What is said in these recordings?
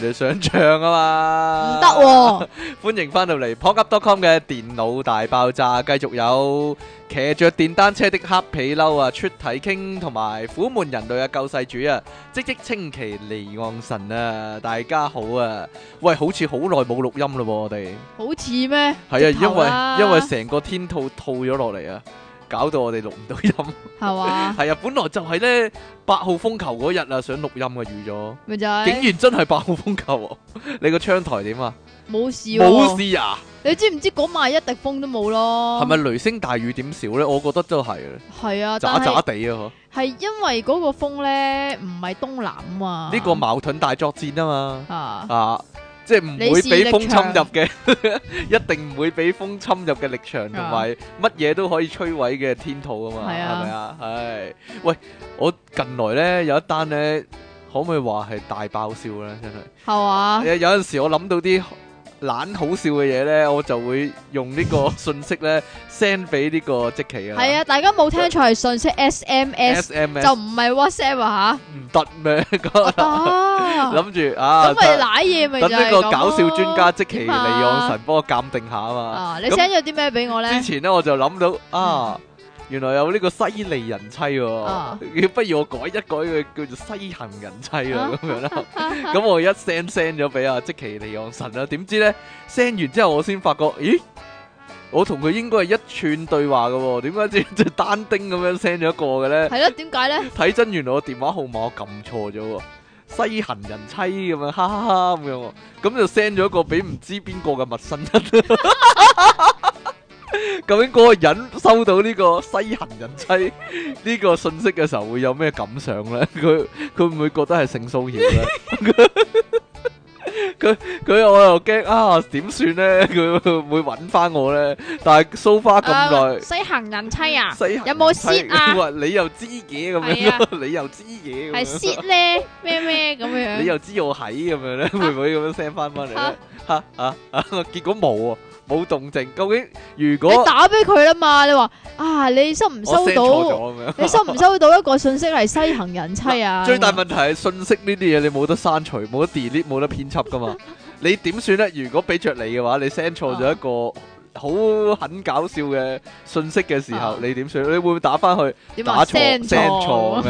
人哋想唱啊嘛，唔得。歡迎翻到嚟 pocket.com 嘅電腦大爆炸，繼續有騎着電單車的黑皮褸啊，出體 King 同埋苦悶人類啊，救世主啊，積極清奇離岸神啊，大家好啊，喂，好似好耐冇錄音咯、啊，我哋好似咩？係 啊，因為 因為成個天套套咗落嚟啊。搞到我哋錄唔到音 吧，係啊，係啊，本來就係咧八號風球嗰日啊，想錄音啊。預咗，咪就係，竟然真係八號風球啊， 你個窗台點啊？冇事，哦，冇事啊！你知唔知嗰晚一滴風都冇咯？係咪雷聲大雨點少咧？我覺得都係，係啊，渣渣地啊，係因為嗰個風咧唔係東南啊嘛，呢個矛盾大作戰啊嘛，啊。啊即係唔會俾風侵入嘅， 一定唔會俾風侵入嘅力場，同埋乜嘢都可以摧毀嘅天土啊嘛，係咪啊？係，喂，我近來呢，有一單呢，可唔可以話係大爆笑呢？真係係啊！ 有陣時我諗到啲懶好笑嘅嘢咧，我就會用個訊呢 個信息咧 send 俾呢個積淇啊。係行 候啊，大家冇聽錯，係信息 SMS，就唔係 WhatsApp 吓。唔得咩？諗住啊，等呢個搞笑專家積淇離岸神幫我鑒定下啊嘛。啊你 send 咗啲咩俾我咧？之前咧我就諗到啊。嗯原來有呢個西利人妻，要、uh. 不如我改一改佢叫做西行人妻啦，咁、啊、樣啦？咁 我一 send send 咗俾阿積淇離岸神啦，點知咧 send 完之後我先發覺，咦，我同佢應該係一串對話噶，點解只只單丁咁樣 send 咗一個嘅咧？係咯、啊，點解咧？睇 真，原來我電話號碼我撳錯咗，西行人妻咁樣，哈哈哈咁樣，咁就 send 咗一個俾唔知邊個嘅陌生人。 究竟嗰個人收到呢個西行人妻呢個信息嘅時候會有咩感想咧？佢佢唔會覺得係性騷擾咧？佢佢我又驚啊，點算咧？佢會搵翻我咧？但係 so far 咁耐，西行人妻啊，有冇識啊？你又知嘅咁樣，你又知嘅係識咧咩咩咁樣？你又知我喺咁樣咧？會唔會咁樣 send 翻翻嚟咧？吓吓吓！結果冇啊。冇動靜，究竟如果你打俾佢啦嘛？你話啊，你收唔收到？我 send 錯咗啊！ 你收唔收到一個信息嚟西行人妻啊？最大問題係信息呢啲嘢，你冇得刪除，冇得 delete，冇得編輯噶嘛？你點算咧？如果俾着你嘅話，你 send 錯咗一個好很搞笑嘅信息嘅時候，你點算？你會唔會打翻去？打錯 send 錯啊！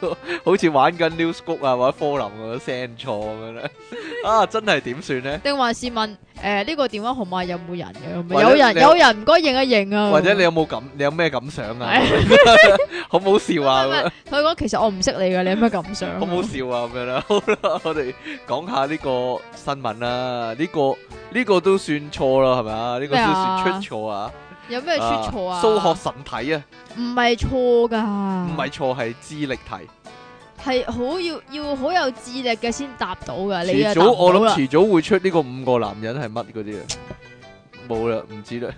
錯 好似玩緊 newsbook 啊， 或者科林啊 send 錯咁樣咧？ 啊，真係點算咧？定還 是問？誒，呢、欸這個電話號碼有冇人嘅？者有人，有，有人，唔該認一認啊！或者你有冇感？你有咩感想啊？ 好唔好笑啊？佢講 其實我唔識你噶，你有咩感想啊？ 好唔好笑啊？咁樣啦，好啦，我哋講下呢個新聞啦，啊。呢、這個呢、這個都算錯啦，係咪這個啊？呢個都算出錯啊？有咩出錯啊？數啊學神題啊？唔係錯噶，唔係錯係智力題。係好要要好有智力嘅先答到噶，遲早你早我諗遲早會出呢個五個男人係乜嗰啲啊？冇啦， 唔知啦。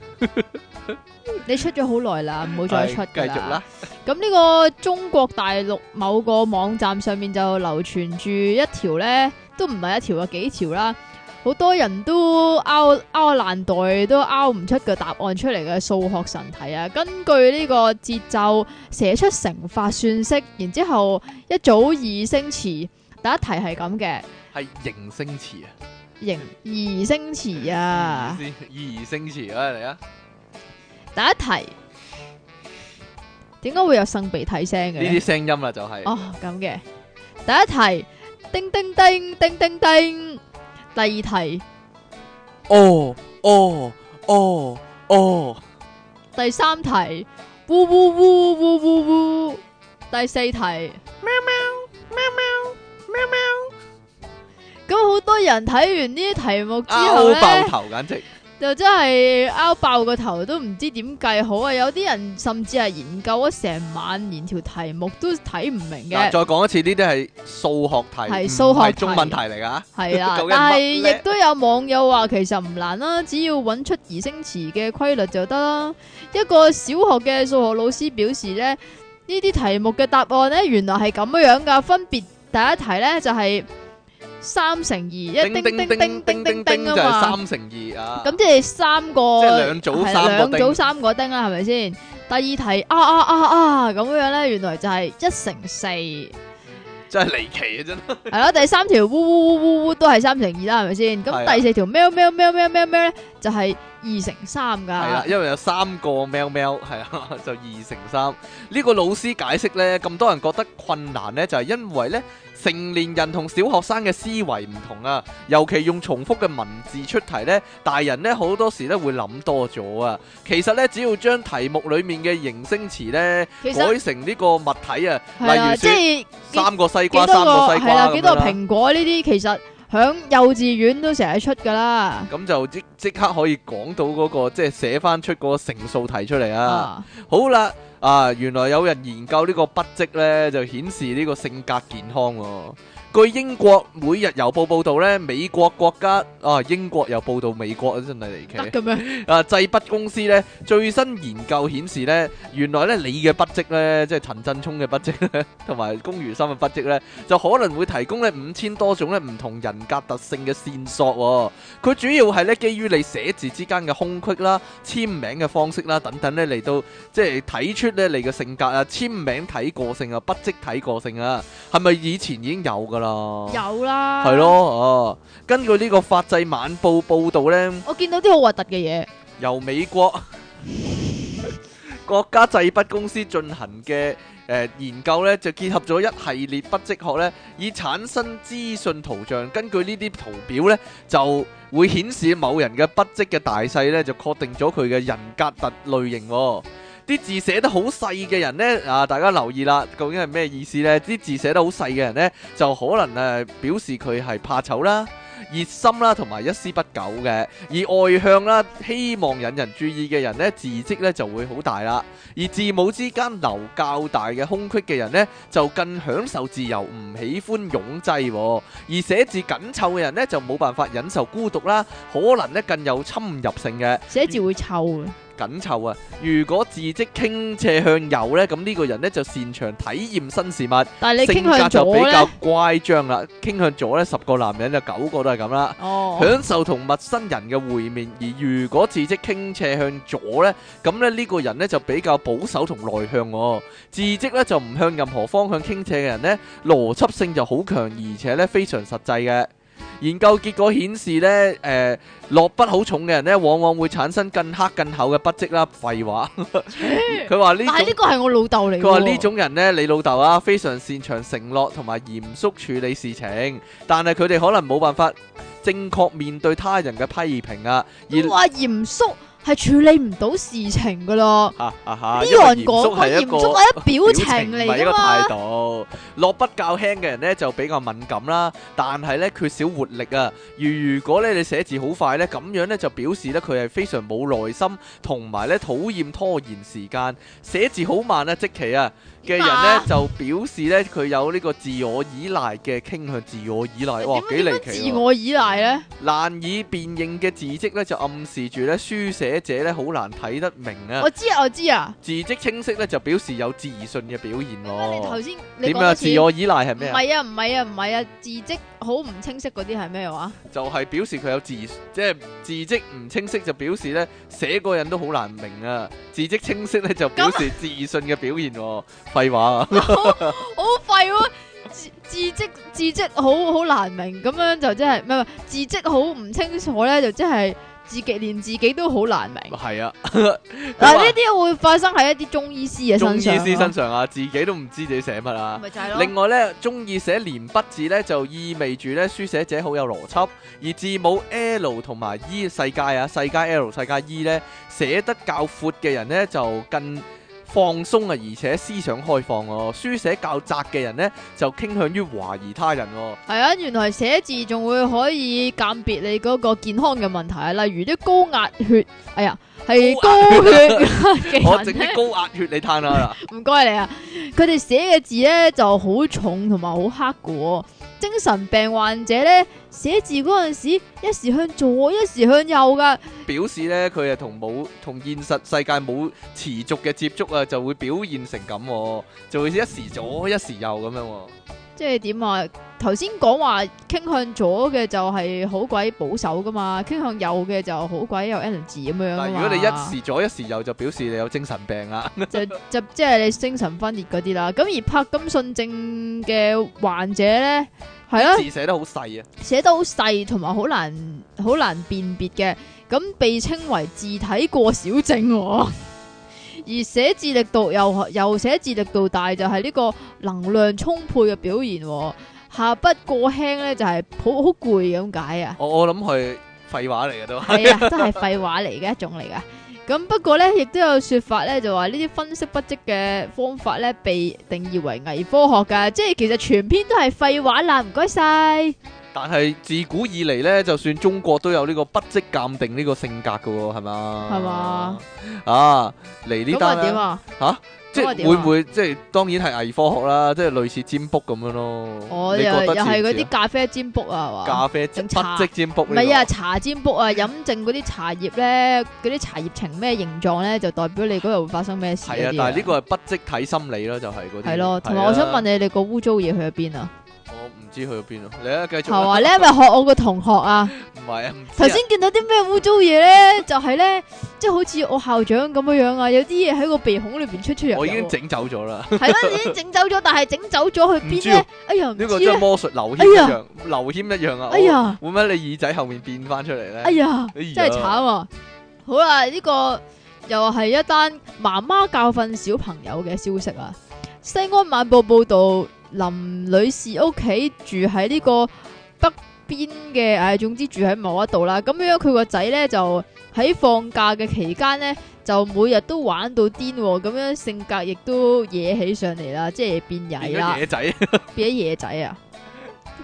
你出咗好耐啦，唔好再出啦。繼續啦。咁呢個中國大陸某個網站上面就流傳住一條咧，都唔係一條啊，幾條啦。好多人都拗拗爛袋都拗唔出個答案出嚟嘅數學神題啊！根據呢個節奏寫出乘法算式，然之後一組二聲詞。第一題係咁嘅，係形聲詞啊，形 二聲詞啊，二聲詞係嚟啊！第一題，點解、 啊、會有聲鼻替聲嘅？呢啲聲音啊、就係，就係哦咁嘅。第一題，叮叮叮叮叮叮，叮，叮，叮，叮。第二題，哦哦哦哦。第三題，嗚嗚嗚嗚嗚嗚。第四題 ，喵喵喵喵喵喵。咁好多人睇完呢啲題目之後、啊，之會爆頭簡直。 又真係拗爆個頭都唔知點計好啊！有啲人甚至係研究咗成晚，連條題目都睇唔明嘅。再講一次，呢啲係數學題，唔係中文題嚟噶。係啊啦， 但係亦都有網友話其實唔難啦，只要揾出余生詞嘅規律就得啦。一個小學嘅數學老師表示呢，呢啲題目嘅答案呢，原來係咁樣樣噶。分別第一題呢，就係、是。三乘二，一丁丁丁丁丁丁啊嘛，三乘二啊，咁即係三個，即係兩組三個丁啦，係咪先？第二題啊啊啊啊咁樣咧，原來就係一乘四，真係離奇啊，真係。係咯，第三條嗚嗚嗚嗚嗚都係三乘二啦，係咪先？咁第四條喵喵喵喵喵喵，就係二乘三噶。係啦，因為有三個喵喵，係啊，就二乘三。呢個老師解釋咧，咁多人覺得困難咧，就係因為咧。成年人同小學生嘅思維唔同啊，尤其用重複嘅文字出題咧，大人咧好多時咧會諗多咗啊。其實咧，只要將題目裏面嘅形聲詞咧改成呢個物體啊，係啦例如說即係三個西瓜、幾多個三個西瓜，係啦幾多個蘋果呢啲，其實。其實喺幼稚園都成日出噶啦，咁就即即刻可以講到嗰個，即係寫翻出個成數題出嚟啊！好啦，啊，原來有人研究呢個筆跡呢，就顯示呢個性格健康。據英國每日郵報報道咧，美國國家啊英國又報道美國啊，真係離奇。得嘅咩？啊，製筆公司咧最新研究顯示咧，原來咧你嘅筆跡咧，即係陳振聰嘅筆跡同埋龔如心嘅筆跡咧，就可能會提供咧五千多種咧唔同人格特性嘅線索。佢主要係咧基於你寫字之間嘅空隙啦、簽名嘅方式啦等等咧嚟到即係睇出咧你嘅性格啊，簽名睇個性啊，筆跡睇個性啊，係咪以前已經有噶啦？啊、有啦，係咯哦。根據呢個《法制晚報》報道呢，我見到啲好核突嘅嘢，由美國 國家製筆公司進行嘅誒、呃、研究呢，就結合咗一系列筆跡學咧，以產生資訊圖像。根據呢啲圖表呢，就會顯示某人嘅筆跡嘅大細呢，就確定咗佢嘅人格特類型、哦。啲字寫得好細嘅人呢，啊，大家留意啦，究竟係咩意思呢？啲字寫得好細嘅人呢，就可能誒表示佢係怕醜啦、熱心啦，同埋一絲不苟嘅；而外向啦、希望引人注意嘅人呢，字跡呢就會好大啦；而字母之間留較大嘅空隙嘅人呢，就更享受自由，唔喜歡擁擠、啊；而寫字緊湊嘅人呢，就冇辦法忍受孤獨啦，可能呢更有侵入性嘅。寫字會臭。緊湊啊！如果字跡傾斜向右咧，咁呢個人咧就擅長體驗新事物，性格就比較乖張啦。傾向左咧，十個男人就九個都係咁啦。Oh，享受同陌生人嘅會面。而如果字跡傾斜向左咧，咁咧呢個人咧就比較保守同內向。字跡咧就唔向任何方向傾斜嘅人咧，邏輯性就好強，而且咧非常實際嘅。研究結果顯示咧，誒、呃、落筆好重嘅人咧，往往會產生更黑、更厚嘅筆跡啦。廢話，佢話呢，但係呢個係我老豆嚟。佢話呢種人咧，你老豆啊，非常擅長承諾同埋嚴肅處理事情，但係佢哋可能冇辦法正確面對他人嘅批評啊。好啊，嚴肅。係處理唔到事情噶咯，呢、啊啊啊、個嚴肅係一表情嚟噶嘛。 落筆較輕嘅人呢就比較敏感啦，但係呢缺少活力啊。而如，如果咧你寫字好快呢，咁樣呢就表示呢佢係非常冇耐心，同埋呢討厭拖延時間。寫字好慢啊，即期啊。嘅人呢，就表示呢，佢有呢個自我依賴嘅傾向，自我依賴哇幾離奇、啊、自我依賴呢，難以辨認嘅字跡呢，就暗示住呢，書寫者呢，好難睇得明啊我！我知啊，我知啊！字跡清晰呢，就表示有自信嘅表現咯、啊。你頭先點啊？自我依賴係咩啊？唔係啊，唔係啊，唔係啊！字跡好唔清晰嗰啲係咩話？就係表示佢有自即係字跡唔清晰就表示呢，寫個人都好難明啊！字跡清晰呢，就表示自信嘅表現、啊。這樣 廢話啊！ 好廢，字字跡字跡好好難明，咁樣就真係，唔係字跡好唔清楚咧，就真係自己連自己都好難明。係啊，嗱呢啲會發生喺一啲中醫師嘅身上。中醫師身上啊，自己都唔知自己寫乜啊。是是另外咧，中意寫連筆字咧，就意味住咧，書寫者好有邏輯，而字母 L 同埋 E 世界啊，世界 L 世界 E 咧，寫得較闊嘅人咧就更。放鬆啊，而且思想開放哦、啊。書寫較窄嘅人呢，就傾向於懷疑他人。係啊，原來寫字仲會可以鑑別你嗰個健康嘅問題啊，例如啲高壓血，哎呀，係高血，高壓血、啊、 我整啲高壓血你嘆下啦。唔該你啊，佢哋寫嘅字呢就好重同埋好黑噶、啊。精神病患者咧寫字嗰陣時，一時向左，一時向右噶，表示咧佢係同冇同現實世界冇持續嘅接觸啊，就會表現成咁啊，就會一時左一時右咁樣。即係點啊？頭先講話傾向左嘅就係好鬼保守噶嘛，傾向右嘅就好鬼有 energy 咁樣。但如果你一時左一時右，就表示你有精神病啦 ，就就即係你精神分裂嗰啲啦。咁而柏金遜症嘅患者咧，係啊，字寫得好細啊，寫得好細，同埋好難好難辨別嘅，咁被稱為字體過小症。哦、 而寫字力度又又寫字力度大，就係、是、呢個能量充沛嘅表現。哦、下筆過輕咧，就係好好攰咁解啊。我我諗佢係廢話嚟嘅都係啊，真係廢話嚟嘅一種嚟噶。咁不過呢，亦都有說法呢就話呢啲分析筆跡嘅方法呢，被定義為偽科學噶，即係其實全篇都係廢話啦，唔該晒。但係自古以嚟呢，就算中國都有呢個筆跡鑑定呢個性格噶、哦，係嘛？係嘛吧？啊，嚟呢單咧、啊、吓。即係會唔會 即係當然係偽科學啦，即係類似占卜咁樣咯。我、哦、又又係嗰啲咖啡占卜，卜啊，哇！咖啡、茶、筆跡占卜。唔係啊，茶占卜啊， 飲剩嗰啲茶葉咧，嗰啲茶葉呈咩形狀咧，就代表你嗰度會發生咩事啊？係啊，但係呢個係筆跡睇心理咯、啊，就係嗰啲。係咯、啊，同埋、啊、我想問你，你個污糟嘢去咗邊啊？你你知去咗邊咯？你啊，繼續係嘛？你係咪學我個同學啊？唔係 啊！頭先見到啲咩污糟嘢咧？就係、是、咧，即、就、係、是、好似我校長咁嘅樣啊！有啲嘢喺個鼻孔裏邊出出嚟、啊。我已經整走咗啦。 係啦，已經整走咗，但係整走咗去邊咧？哎呀，呢、啊、個真魔術劉謙一樣，哎、呀劉謙一樣啊！哎呀，點解、哦、你耳仔後面變翻出嚟咧？哎呀，哎呀真係慘啊！ 好啦、啊、呢、這個又係一單媽媽教訓小朋友嘅消息啊！西安晚報報道。林女士屋企住喺呢個北邊嘅。誒、哎，總之住喺某一度啦。咁樣佢個仔咧就喺放假嘅期間咧，就每日都玩到癲，咁、嗯、樣性格亦都惹起上嚟啦，即係變曳啦，變野仔， 變咗野仔啊！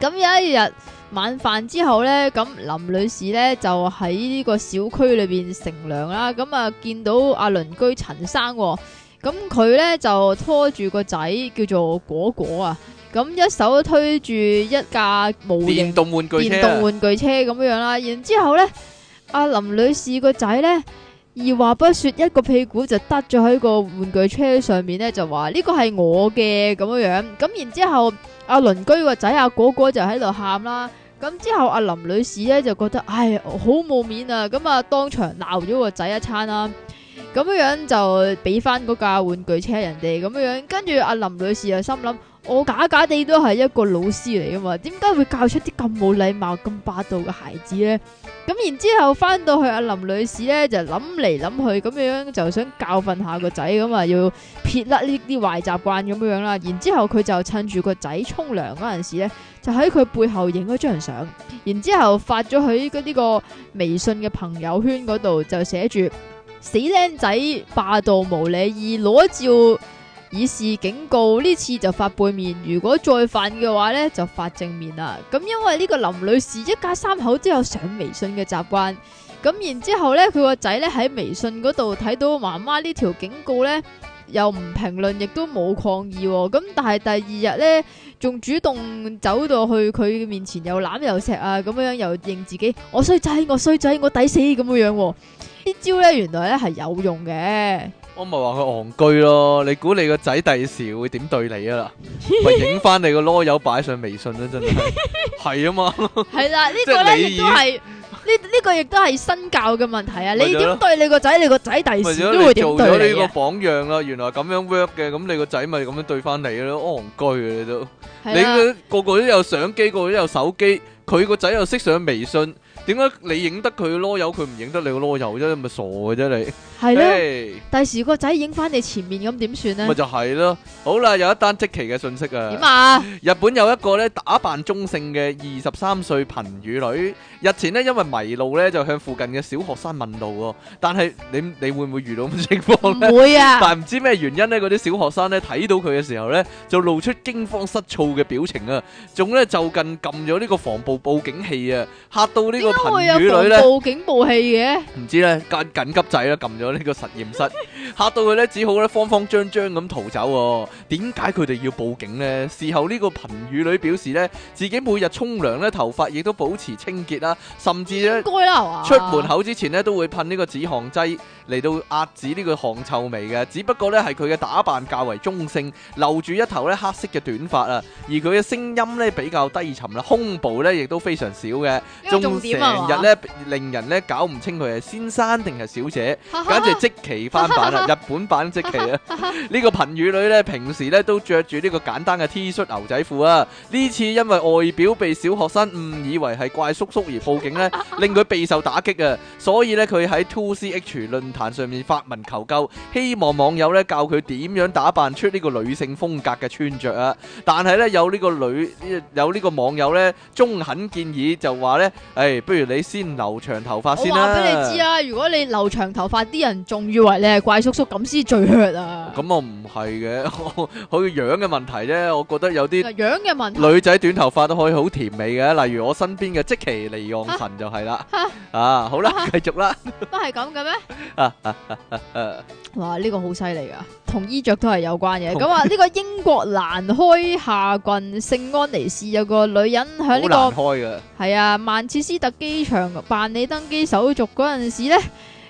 咁、嗯、有一日晚飯之後咧，咁、嗯、林女士咧就喺呢個小區裏邊乘涼啦，咁、嗯、啊、嗯、見到阿鄰居陳生、哦。咁佢咧就拖住個仔叫做果果啊，咁、嗯、一手推住一架冇電動玩具電動玩具車咁樣啦，然之後咧阿林女士個仔呢，二話不說，一個屁股就耷咗喺個玩具車上面呢，就話呢個係我嘅咁樣樣，咁然之後阿鄰居個仔阿果果就喺度喊啦，咁之後阿林女士呢，就覺得唉好冇面啊，咁、嗯、啊當場鬧咗個仔一餐啦。咁樣樣就俾翻嗰架玩具車人哋咁樣樣，跟住阿林女士就心諗：我假假地都係一個老師嚟噶嘛，點解會教出啲咁冇禮貌、咁霸道嘅孩子咧？咁然之後翻到去，阿林女士咧就諗嚟諗去，咁樣就想教訓下個仔咁啊，要撇甩呢啲壞習慣咁樣樣啦。然之後佢就趁住個仔沖涼嗰陣時咧，就喺佢背後影咗張相，然之後發咗喺呢個微信嘅朋友圈嗰度，就寫住。死靚仔霸道無理以，以攞照以示警告。呢次就發背面，如果再犯嘅話呢，就發正面啦。咁因為呢個林女士一家三口都有上微信嘅習慣，咁然之後呢，佢個仔呢喺微信嗰度睇到媽媽呢條警告呢，又唔評論，亦都冇抗議。咁但係第二日呢，仲主動走到去佢面前，又攬又錫啊，咁樣又認自己我衰仔，我衰仔，我抵死咁嘅樣。啲招咧，原來咧係有用嘅。我咪話佢戇居咯，你估你個仔第時會點對你啊啦？咪影翻 你個囉柚擺上微信啦，真係係啊嘛。係 啦， 呢個咧亦都係呢，呢個亦都係身教嘅問題啊！ 你點對你個仔， 你個仔第時都會做咗你個榜樣啦。原來咁樣 work 嘅，咁你個仔咪咁樣對翻你咯，戇居嘅都。你個個都有相機，個個都有手機，佢個仔又識上微信。點解你影得佢囉柚，佢唔影得你個囉柚啫？你咪傻嘅啫，你係咯？第時個仔影翻你前面咁點算咧？咪就係咯。好啦，有一單即期嘅信息啊。點啊？日本有一個咧打扮中性嘅二十三歲貧乳女，日前咧因為迷路咧，就向附近嘅小學生問路喎。但係你你會唔會遇到咁嘅情況咧？唔會啊！但係唔知咩原因咧，嗰啲小學生咧睇到佢嘅時候咧，就露出驚慌失措嘅表情啊，仲咧就近撳咗呢個防暴報警器啊，嚇到呢個。.貧乳女咧報警報器嘅，唔知咧緊急掣啦，撳咗呢個實驗室， 嚇到佢咧，只好咧慌慌張張咁逃走，哦。點解佢哋要報警呢？事後呢個貧乳女表示呢自己每日沖涼咧，頭髮亦都保持清潔啦，甚至咧，該出門口之前呢都會噴呢個止汗劑嚟到壓止呢個汗臭味嘅。只不過呢係佢嘅打扮較為中性，留住一頭咧黑色嘅短髮啊，而佢嘅聲音呢比較低沉啦，胸部呢亦都非常少嘅。重成日咧令人咧搞唔清佢係先生定係小姐，簡直即期翻版啦！ 日本版即期啦！ 呢個貧乳女咧平時咧都着住呢個簡單嘅 T 恤牛仔褲啊，呢次因為外表被小學生誤以為係怪叔叔而報警咧，令佢備受打擊啊！所以咧佢喺 2ch 論壇上面發文求救，希望網友咧教佢點樣打扮出呢個女性風格嘅穿着啊！但係咧有呢個女有呢個網友咧，中肯建議就話咧，誒、哎。不如你先留長頭髮先啦。我話俾你知啦，如果你留長頭髮，啲人仲以為你係怪叔叔咁先最 hot 啊。咁我唔係嘅，好似樣嘅問題啫。我覺得有啲樣嘅問題。女仔短頭髮都可以好甜美嘅，例如我身邊嘅積淇離岸神就係啦。嚇啊，好啦，繼續啦。都係咁嘅咩？啊啊啊啊！哇，呢個好犀利啊！同衣着都係有關嘅，咁啊呢個英國蘭開夏郡聖安尼士有個女人喺呢個係啊曼徹斯特機場辦理登機手續嗰陣時呢，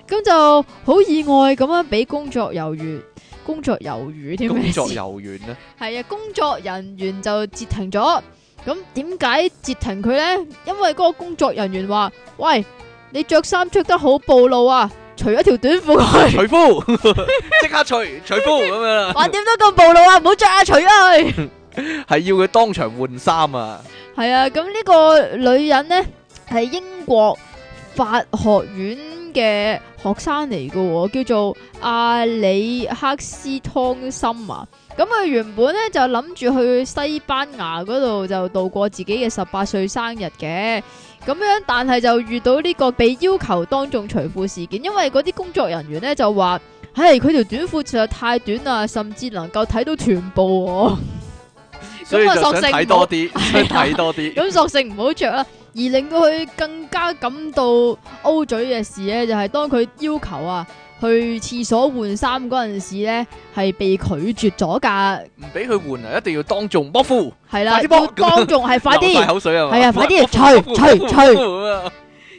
咁就好意外咁樣俾工作猶豫，工作猶豫添，工作遊園咧，係啊工作人員就截停咗，咁點解截停佢呢？因為嗰個工作人員話：喂，你着衫着得好暴露啊！除咗條短褲佢，除褲即刻除，除褲咁樣。哇！點都咁暴露啊！唔好着啊，除啊去。係 要佢當場換衫啊！係啊，咁呢個女人咧，係英國法學院。嘅學生嚟嘅，叫做阿里克斯湯森啊。咁佢原本咧就諗住去西班牙嗰度就度過自己嘅十八歲生日嘅。咁樣，但係就遇到呢個被要求當眾除褲事件，因為嗰啲工作人員咧就話：，唉、哎，佢條短褲實在太短啦，甚至能夠睇到臀部。咁啊，索性睇多啲，睇多啲。咁索性唔好着啦。而令到佢更加感到 O 嘴嘅事咧，就係、是、當佢要求啊去廁所換衫嗰陣時咧，係被拒絕咗噶，唔俾佢換啊！一定要當眾剝服，係啦，要當眾係快啲流口水啊！係啊，快啲除除除！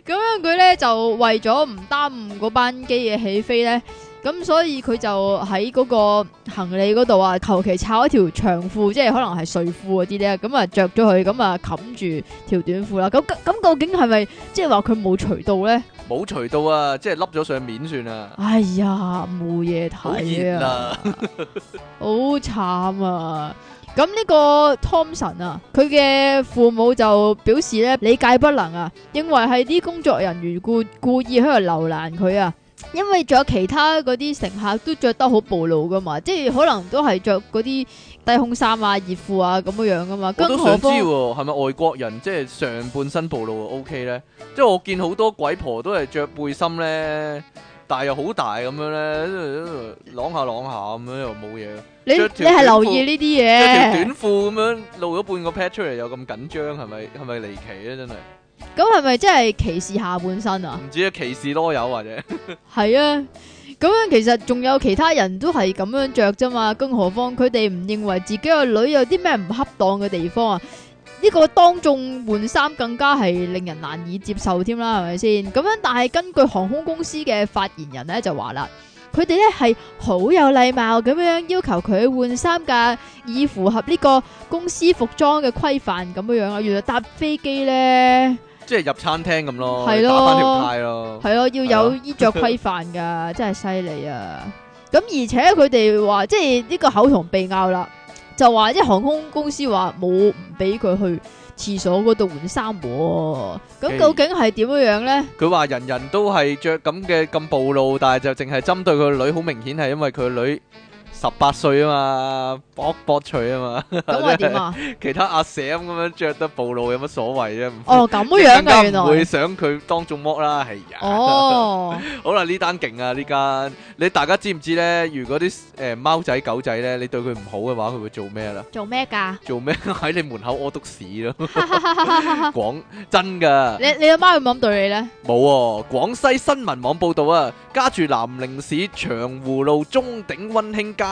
咁樣佢咧就為咗唔耽誤嗰班機嘅起飛咧。咁所以佢就喺嗰個行李嗰度啊，求其抄一條長褲，即係可能係睡褲嗰啲咧，咁啊着咗佢，咁啊冚住條短褲啦。咁咁、嗯、究竟係咪即係話佢冇除到咧？冇除到啊，即係笠咗上面算啦。哎呀，冇嘢睇啊，好慘煙啊！咁呢個 Tomson 啊，佢嘅、啊、父母就表示咧，理解不能啊，認為係啲工作人員故故意喺度留難佢啊。因為仲有其他嗰啲乘客都着得好暴露噶嘛，即係可能都係着嗰啲低胸衫啊、熱褲啊咁樣樣噶嘛。我都想知喎，係咪外國人即係上半身暴露 OK 咧？即係我見好多鬼婆都係着背心咧、嗯，但係又好大咁樣咧，晾下晾下咁樣又冇嘢。你你係留意呢啲嘢？着條短褲咁樣露咗半個 pat 出嚟又咁緊張，係咪係咪離奇咧？真係。咁係咪真係歧視下半身啊？唔知啊，歧視多有或者係啊？咁樣其實仲有其他人都係咁樣着啫嘛。更何況佢哋唔認為自己個女有啲咩唔恰當嘅地方啊？呢個當眾換衫更加係令人難以接受添啦，係咪先？咁樣但係根據航空公司嘅發言人呢就話啦，佢哋呢係好有禮貌咁樣要求佢換衫噶，以符合呢個公司服裝嘅規範咁樣樣啊。原來搭飛機呢。即係入餐廳咁咯，打翻條呔咯。係咯要有衣著規範噶，真係犀利啊！咁而且佢哋話，即係呢個口同鼻拗啦，就話即係航空公司話冇唔俾佢去廁所嗰度換衫喎。咁究竟係點樣樣咧？佢話人人都係著咁嘅咁暴露，但係就淨係針對佢個女，好明顯係因為佢個女，十八歲啊嘛，卜卜脆啊嘛，啊 其他阿 Sam 咁樣着得暴露有乜所謂啫？哦，咁樣噶，原來唔會想佢當眾 w 啦。係呀。哦。 好啦，呢單勁啊，呢間。你大家知唔知咧？如果啲誒貓仔狗仔咧，你對佢唔好嘅話，佢會做咩啦？做咩㗎？做咩什喺 你門口屙篤屎咯？講 真噶。你你阿媽會唔會咁對你咧？冇喎、啊。廣西新聞網報導啊，家住南寧市長湖路,路中鼎温馨家。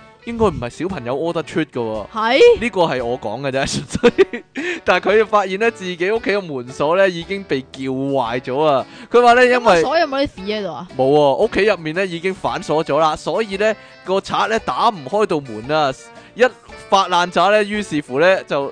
應該唔係小朋友屙得出噶，呢個係我講嘅啫。但係佢發現咧，自己屋企嘅門鎖咧已經被撬壞咗啊！佢話咧，因為鎖有冇啲屎喺度啊？冇啊！屋企入面咧已經反鎖咗啦，所以咧個賊咧打唔開度門啊。一發爛渣咧，於是乎咧就。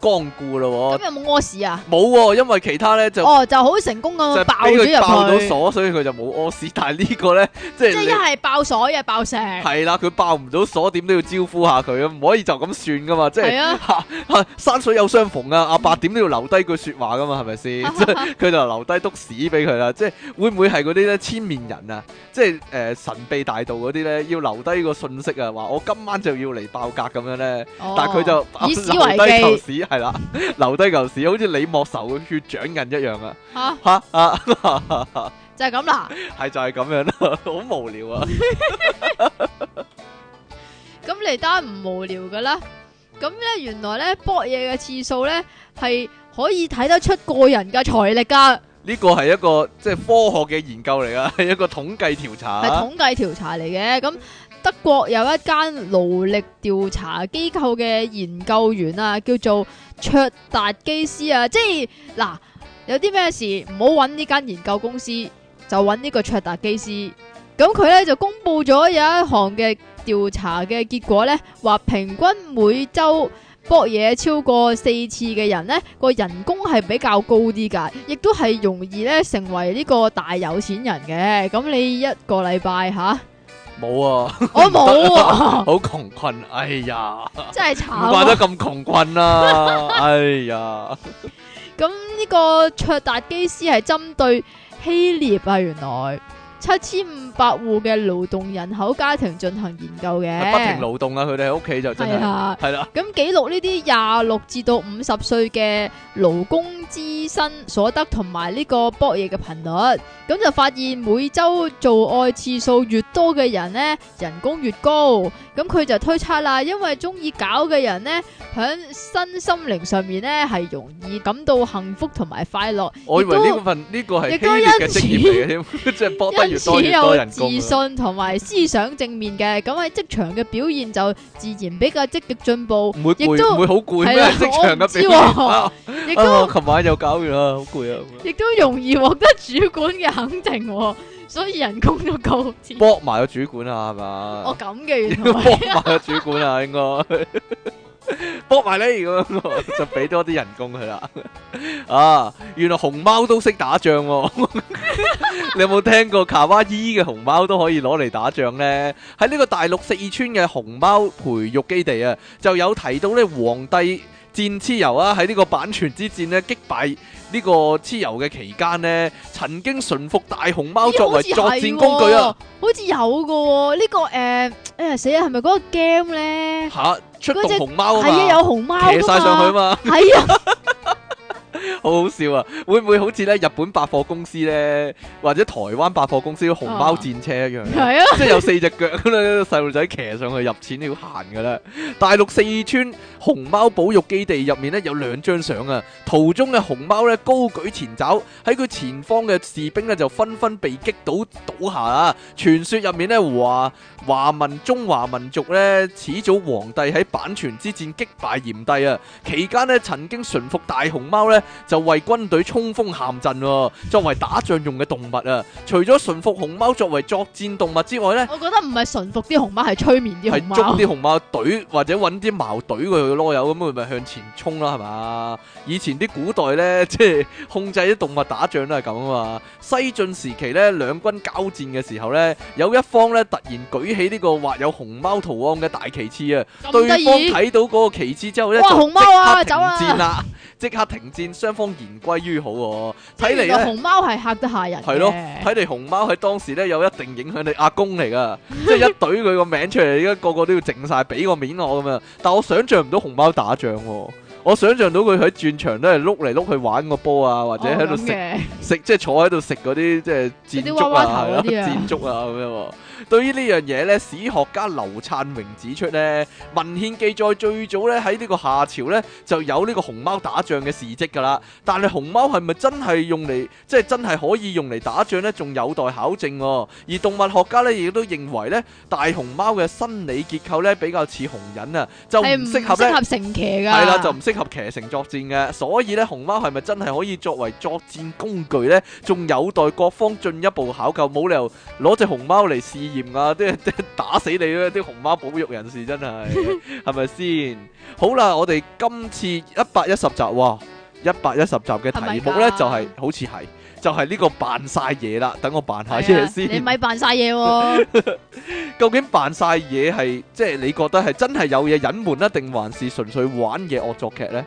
光顧咯喎，咁有冇屙屎啊？冇喎，因為其他咧就哦就好成功咁，就俾佢爆到鎖，所以佢就冇屙屎。但係呢個咧，即係即係一係爆鎖啊，爆石係啦，佢爆唔到鎖，點都要招呼下佢啊，唔可以就咁算噶嘛，即係山水有相逢啊，阿八點都要留低句説話噶嘛，係咪先？即係佢就留低督屎俾佢啦，即係會唔會係嗰啲咧千面人啊？即係誒神秘大道嗰啲咧要留低個信息啊，話我今晚就要嚟爆格咁樣咧，但係佢就留低頭屎。係啦， 留低舊屎，好似李莫愁嘅血掌印一樣啊！吓吓啊，就係咁啦，係就係咁樣啦，好無聊啊！咁嚟單唔無聊噶啦，咁咧原來咧博嘢嘅次數咧係可以睇得出個人嘅財力噶。呢個係一個即係科學嘅研究嚟噶，係一個統計調查，係統計調查嚟嘅咁。 德國有一間勞力調查機構嘅研究員啊，叫做卓達基斯啊，即係嗱，有啲咩事唔好揾呢間研究公司，就揾呢個卓達基斯。咁佢咧就公布咗有一項嘅調查嘅結果咧，話平均每周博嘢超過四次嘅人咧，個人工係比較高啲㗎，亦都係容易咧成為呢個大有錢人嘅。咁你一個禮拜吓？冇啊，我冇啊， 好窮困，哎呀，真係慘，怪唔得咁窮困啊， 哎呀，咁呢個卓達基斯係針對希臘啊，原來七千五百戶嘅勞動人口家庭進行研究嘅，不停勞動啊！佢哋喺屋企就真係係啦。咁記錄呢啲廿六至到五十歲嘅勞工之薪所得同埋呢個搏嘢嘅頻率，咁就發現每周做愛次數越多嘅人呢，人工越高。咁佢就推測啦，因為中意搞嘅人呢，響身心靈上面呢係容易感到幸福同埋快樂。我以為呢份呢個係稀有嘅職業嚟嘅添，即係搏得越多越多人。自信同埋思想正面嘅，咁喺職場嘅表現就自然比較積極進步，亦都唔會好攰。係啊，職場嘅表現，亦都琴晚又搞完啦，好攰啊！亦都容易獲得主管嘅肯定，所以人工都高。搏埋個主管啊，係嘛？我，咁嘅，要搏埋個主管啊，應該。搏埋你咁就俾多啲人工佢啦。 啊，原來熊貓都識打仗，哦， 你有冇聽過卡哇伊嘅熊貓都可以攞嚟打仗呢？喺呢個大陸四川嘅熊貓培育基地啊，就有提到呢「黃帝戰蚩尤」啊，喺呢個阪泉之戰咧擊敗呢個蚩尤嘅期間呢，曾經馴服大熊貓作為作戰工具啊，好似、哦、有嘅、哦這個呃哎、呢個誒誒死啊，係咪嗰個 game 咧吓？出隻熊貓啊嘛，有熊貓嘛，騎曬上去啊嘛，係啊的！ 好好笑啊！會唔會好似咧日本百貨公司呢？或者台灣百貨公司嘅熊貓戰車一樣？係啊，即係有四隻腳咁細路仔騎上去入錢都要行嘅啦。大陸四川熊貓保育基地入面呢，有兩張相啊，圖中嘅熊貓呢高舉前爪，喺佢前方嘅士兵呢就紛紛被擊倒倒下啊！傳說入面呢話華民、中華民族呢，始祖皇帝喺阪泉之戰擊敗炎帝啊，期間呢，曾經馴服大熊貓呢。就為軍隊衝鋒陷陣、哦，作為打仗用嘅動物啊！除咗馴服熊貓作為作戰動物之外呢，我覺得唔係馴服啲熊貓，係催眠啲熊貓，係中啲熊貓懟或者揾啲矛懟佢去囉柚咁，佢咪向前衝啦？係嘛？以前啲古代呢，即係控制啲動物打仗都係咁啊嘛！西晉時期呢，兩軍交戰嘅時候呢，有一方呢突然舉起呢、這個畫有熊貓圖案嘅大旗幟啊，對方睇到嗰個旗幟之後呢，哇就即刻停戰啦。即刻停戰，雙方言歸於好喎。睇嚟咧，熊貓係嚇得下人。係咯，睇嚟熊貓喺當時咧有一定影響力阿公嚟噶，即係 一懟佢個名出嚟，而家個個都要靜晒俾個面我咁樣！但我想像唔到熊貓打仗喎，我想像到佢喺戰場都係碌嚟碌去玩個波啊，或者喺度食食即係坐喺度食嗰啲即係箭竹啊、係啊、箭竹啊咁樣。對於呢樣嘢咧，史學家劉燦榮指出咧，文獻記載最早咧喺呢個夏朝咧就有呢個熊貓打仗嘅事跡噶啦。但係熊貓係咪真係用嚟即係真係可以用嚟打仗呢？仲有待考證。而動物學家呢，亦都認為咧，大熊貓嘅生理結構呢，比較似熊人啊，就唔適合咧，係唔適合乘騎噶，係啦，就唔適合騎乘作戰嘅。所以咧，熊貓係咪真係可以作為作戰工具咧，仲有待各方進一步考究。冇理由攞隻熊貓嚟試。嚴啊！啲啲打死你啦！啲熊貓保育人士真係，係咪先？好啦，我哋今次一百一十集哇，一百一十集嘅題目呢，係咪啊、就係、係，好似係就係、係、呢個扮晒嘢啦。等我扮下先、啊。你咪扮晒嘢喎？ 究竟扮晒嘢係即係你覺得係真係有嘢隱瞞啊，定還是純粹玩嘢惡作劇呢？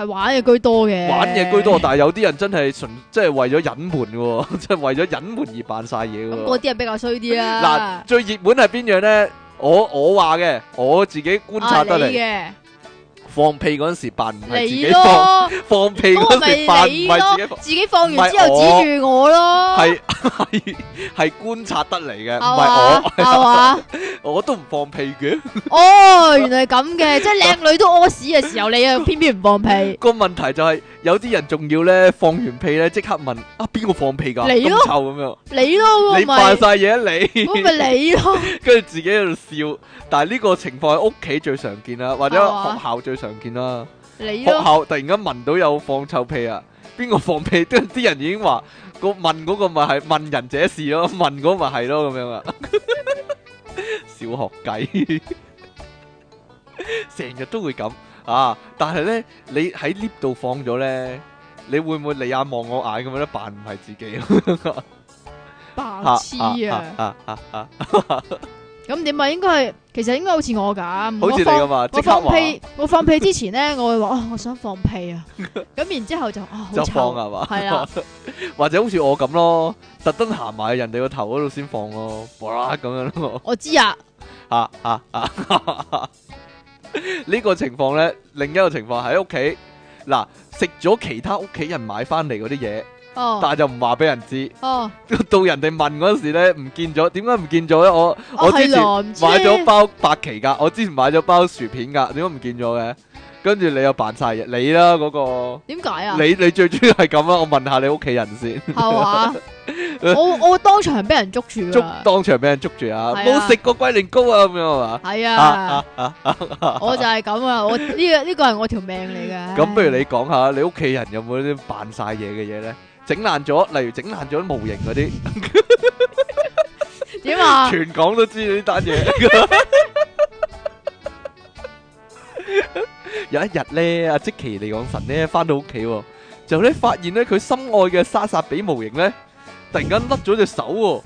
係玩嘢居多嘅，玩嘢居多，但係有啲人真係純，即係為咗隱瞞嘅，即係為咗隱瞞而扮晒嘢嘅。咁啲人比較衰啲啊。嗱，最熱門係邊樣咧？我我話嘅，我自己觀察得嚟。放屁嗰陣時扮你係放，放屁嗰陣時扮唔係自己放，自己放完之後指住我咯，係係係觀察得嚟嘅，唔係我，係嘛？我都唔放屁嘅。哦，原來係咁嘅，即係靚女都屙屎嘅時候，你啊偏偏唔放屁。個問題就係有啲人仲要咧，放完屁咧即刻問啊邊個放屁噶？你臭咁樣。你咯，你扮晒嘢，你咁咪你咯。跟住自己喺度笑，但係呢個情況喺屋企最常見啦，或者學校最常見啦、啊，學校突然間聞到有放臭屁啊，邊個放屁啲人，已經話個問嗰個咪係問人者事咯，問嗰咪係咯咁樣啊， 小學雞，成日都會咁啊，但係咧你喺 lift 度放咗咧，你會唔會你眼望我眼咁樣咧扮唔係自己咯，白痴！啊啊啊啊！ 咁點啊？應該係，其實應該好似我咁，好似你咁嘛，唔我放上我放屁，說啊、我放屁之前咧，我會話哦，我想放屁啊。咁 然之後就哦，就放好臭係嘛，係啦了， 或者好似我咁咯，特登行埋去人哋個頭嗰度先放咯，咁樣咯。我知啊，吓吓吓，呢、啊啊啊啊啊啊、 個情況咧，另一個情況喺屋企嗱，食咗其他屋企人買翻嚟嗰啲嘢。哦，但係就唔話俾人知。哦，到人哋問嗰時咧，唔見咗，點解唔見咗咧？我我之前買咗包百奇噶，我之前買咗包薯片噶，點解唔見咗嘅？跟住你又扮晒嘢，你啦嗰個，點解啊？你你最中意係咁啊？我問下你屋企人先。係嘛？我我當場俾人捉住。捉當場俾人捉住啊！冇食過龜苓膏啊？咁樣係嘛？係啊，我就係咁啊！我呢個呢個係我條命嚟嘅。咁不如你講下，你屋企人有冇啲扮晒嘢嘅嘢咧？整爛咗，例如整爛咗模型嗰啲，點啊？全港都知呢單嘢。有一日咧，阿積淇嚟講神咧翻到屋企，就咧發現咧佢心愛嘅莎莎比模型咧，突然間甩咗隻手喎，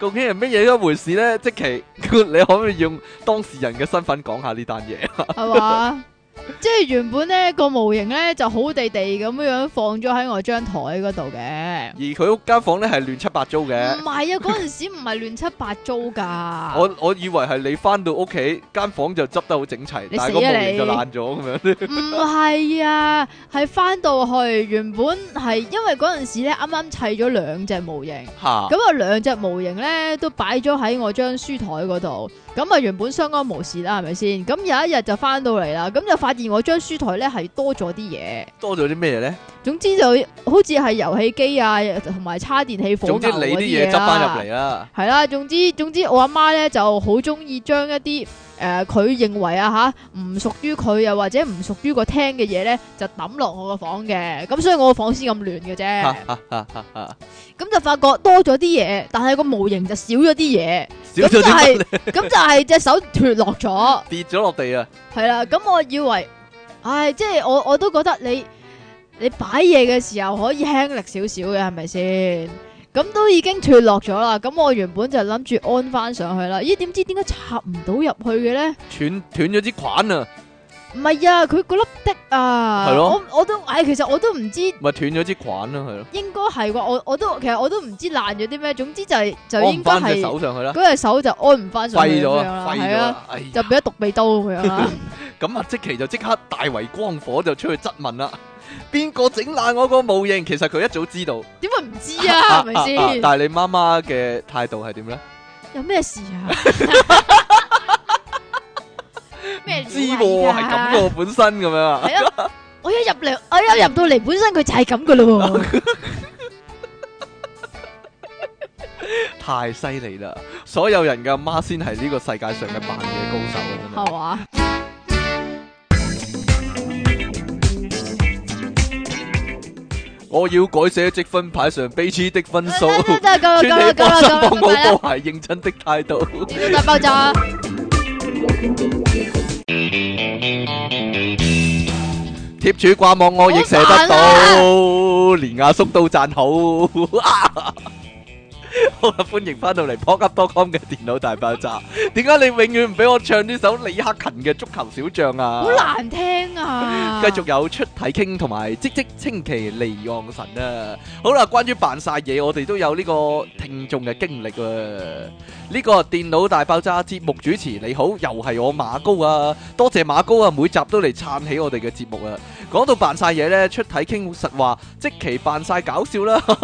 究竟係乜嘢一回事咧？積淇，你可唔可以用當事人嘅身份講下呢單嘢啊？係嘛？即係原本咧個模型咧就好地地咁樣放咗喺我張台嗰度嘅，而佢屋間房咧係亂七八糟嘅。唔係啊，嗰陣時唔係亂七八糟噶。 我我以為係你翻到屋企間房就執得好整齊，你死啊，你但係個模型就爛咗咁樣。唔係啊，係翻 到去原本係因為嗰陣時咧啱啱砌咗兩隻模型，咁啊兩隻模型咧都擺咗喺我張書台嗰度。咁啊原本相安無事啦，係咪先？咁有一日就翻到嚟啦，咁就發現我張書台呢係多咗啲嘢，多咗啲咩呢？總之就好似係遊戲機啊，同埋叉電器、房。總之，你啲嘢執翻入嚟啦。係啦，啦，總之總之我媽呢，我阿媽咧就好中意將一啲誒，佢、呃、認為啊吓唔屬於佢，又或者唔屬於個廳嘅嘢咧，就抌落我個房嘅。咁所以我個房先咁亂嘅啫。咁就發覺多咗啲嘢，但係個模型就少咗啲嘢。咁就係、是、咁 就係隻手脫落咗，跌咗落地啊！係啦，咁我以為，唉、哎，即係我我，我都覺得你。你擺嘢嘅時候可以輕力少少嘅係咪先？咁都已經脫落咗啦，咁我原本就諗住安翻上去啦。咦？點知點解插唔到入去嘅咧？斷斷咗支款啊！唔係啊，佢嗰粒的啊！係咯，我我都唉、哎，其實我都唔知。咪斷咗支款、啊、咯，係咯。應該係啩？我我都其實我都唔知爛咗啲咩，總之就係就應該係。安上手上去啦。隻手就安唔翻上，上去。咗係啊，哎、就俾一毒鼻刀佢 樣啦。咁啊，積淇就即刻大為光火就出去質問啦。邊個整爛我個模型？其實佢一早知道，點會唔知啊？係咪先？但係你媽媽嘅態度係點咧？有咩事啊？咩 知冇啊？係咁 本身咁樣啊？係啊 ！我一入嚟，我一入到嚟，本身佢就係咁噶啦！ 太犀利啦！所有人嘅媽先係呢個世界上嘅扮嘢高手係咪啊！真係係啊！我要改寫積分牌上卑鄙的分數，全力以赴幫哥哥係認真的態度。唔 該，爆炸。貼 Te 柱掛網我亦射得到，連阿叔都讚好。 好 歡迎翻到嚟 pocket.com、ok、嘅電腦大爆炸。點解 你永遠唔俾我唱呢首李克勤嘅足球小將啊？好難聽啊！ 繼續有出體 king 同埋即即積淇離岸神啊！好啦，啊，關於扮晒嘢，我哋都有呢個聽眾嘅經歷啊！呢、呢個電腦大爆炸節目主持你好，又係我馬高啊！多謝馬高啊，每集都嚟撐起我哋嘅節目啊！講到扮晒嘢呢，出體 king 實話，積淇扮晒搞笑啦～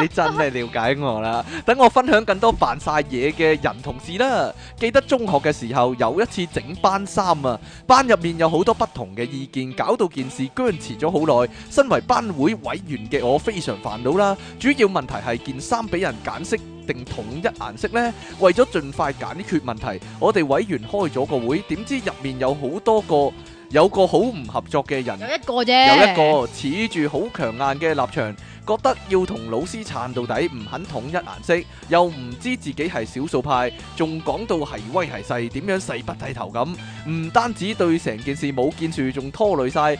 你真係了解我啦！等我分享更多扮晒嘢嘅人同事啦。記得中學嘅時候，有一次整班衫啊，班入面有好多不同嘅意見，搞到件事僵持咗好耐。身為班會委員嘅我，非常煩惱啦。主要問題係件衫俾人揀色定統一顏色呢？為咗盡快解決問題，我哋委員開咗個會，點知入面有好多個，有個好唔合作嘅人，有一個啫，有一個持住好強硬嘅立場。覺得要同老師撐到底，唔肯統一顏色，又唔知自己係少數派，仲講到係威係勢，點樣細不剃頭誓不剃頭咁，唔單止對成件事冇建樹，仲拖累晒。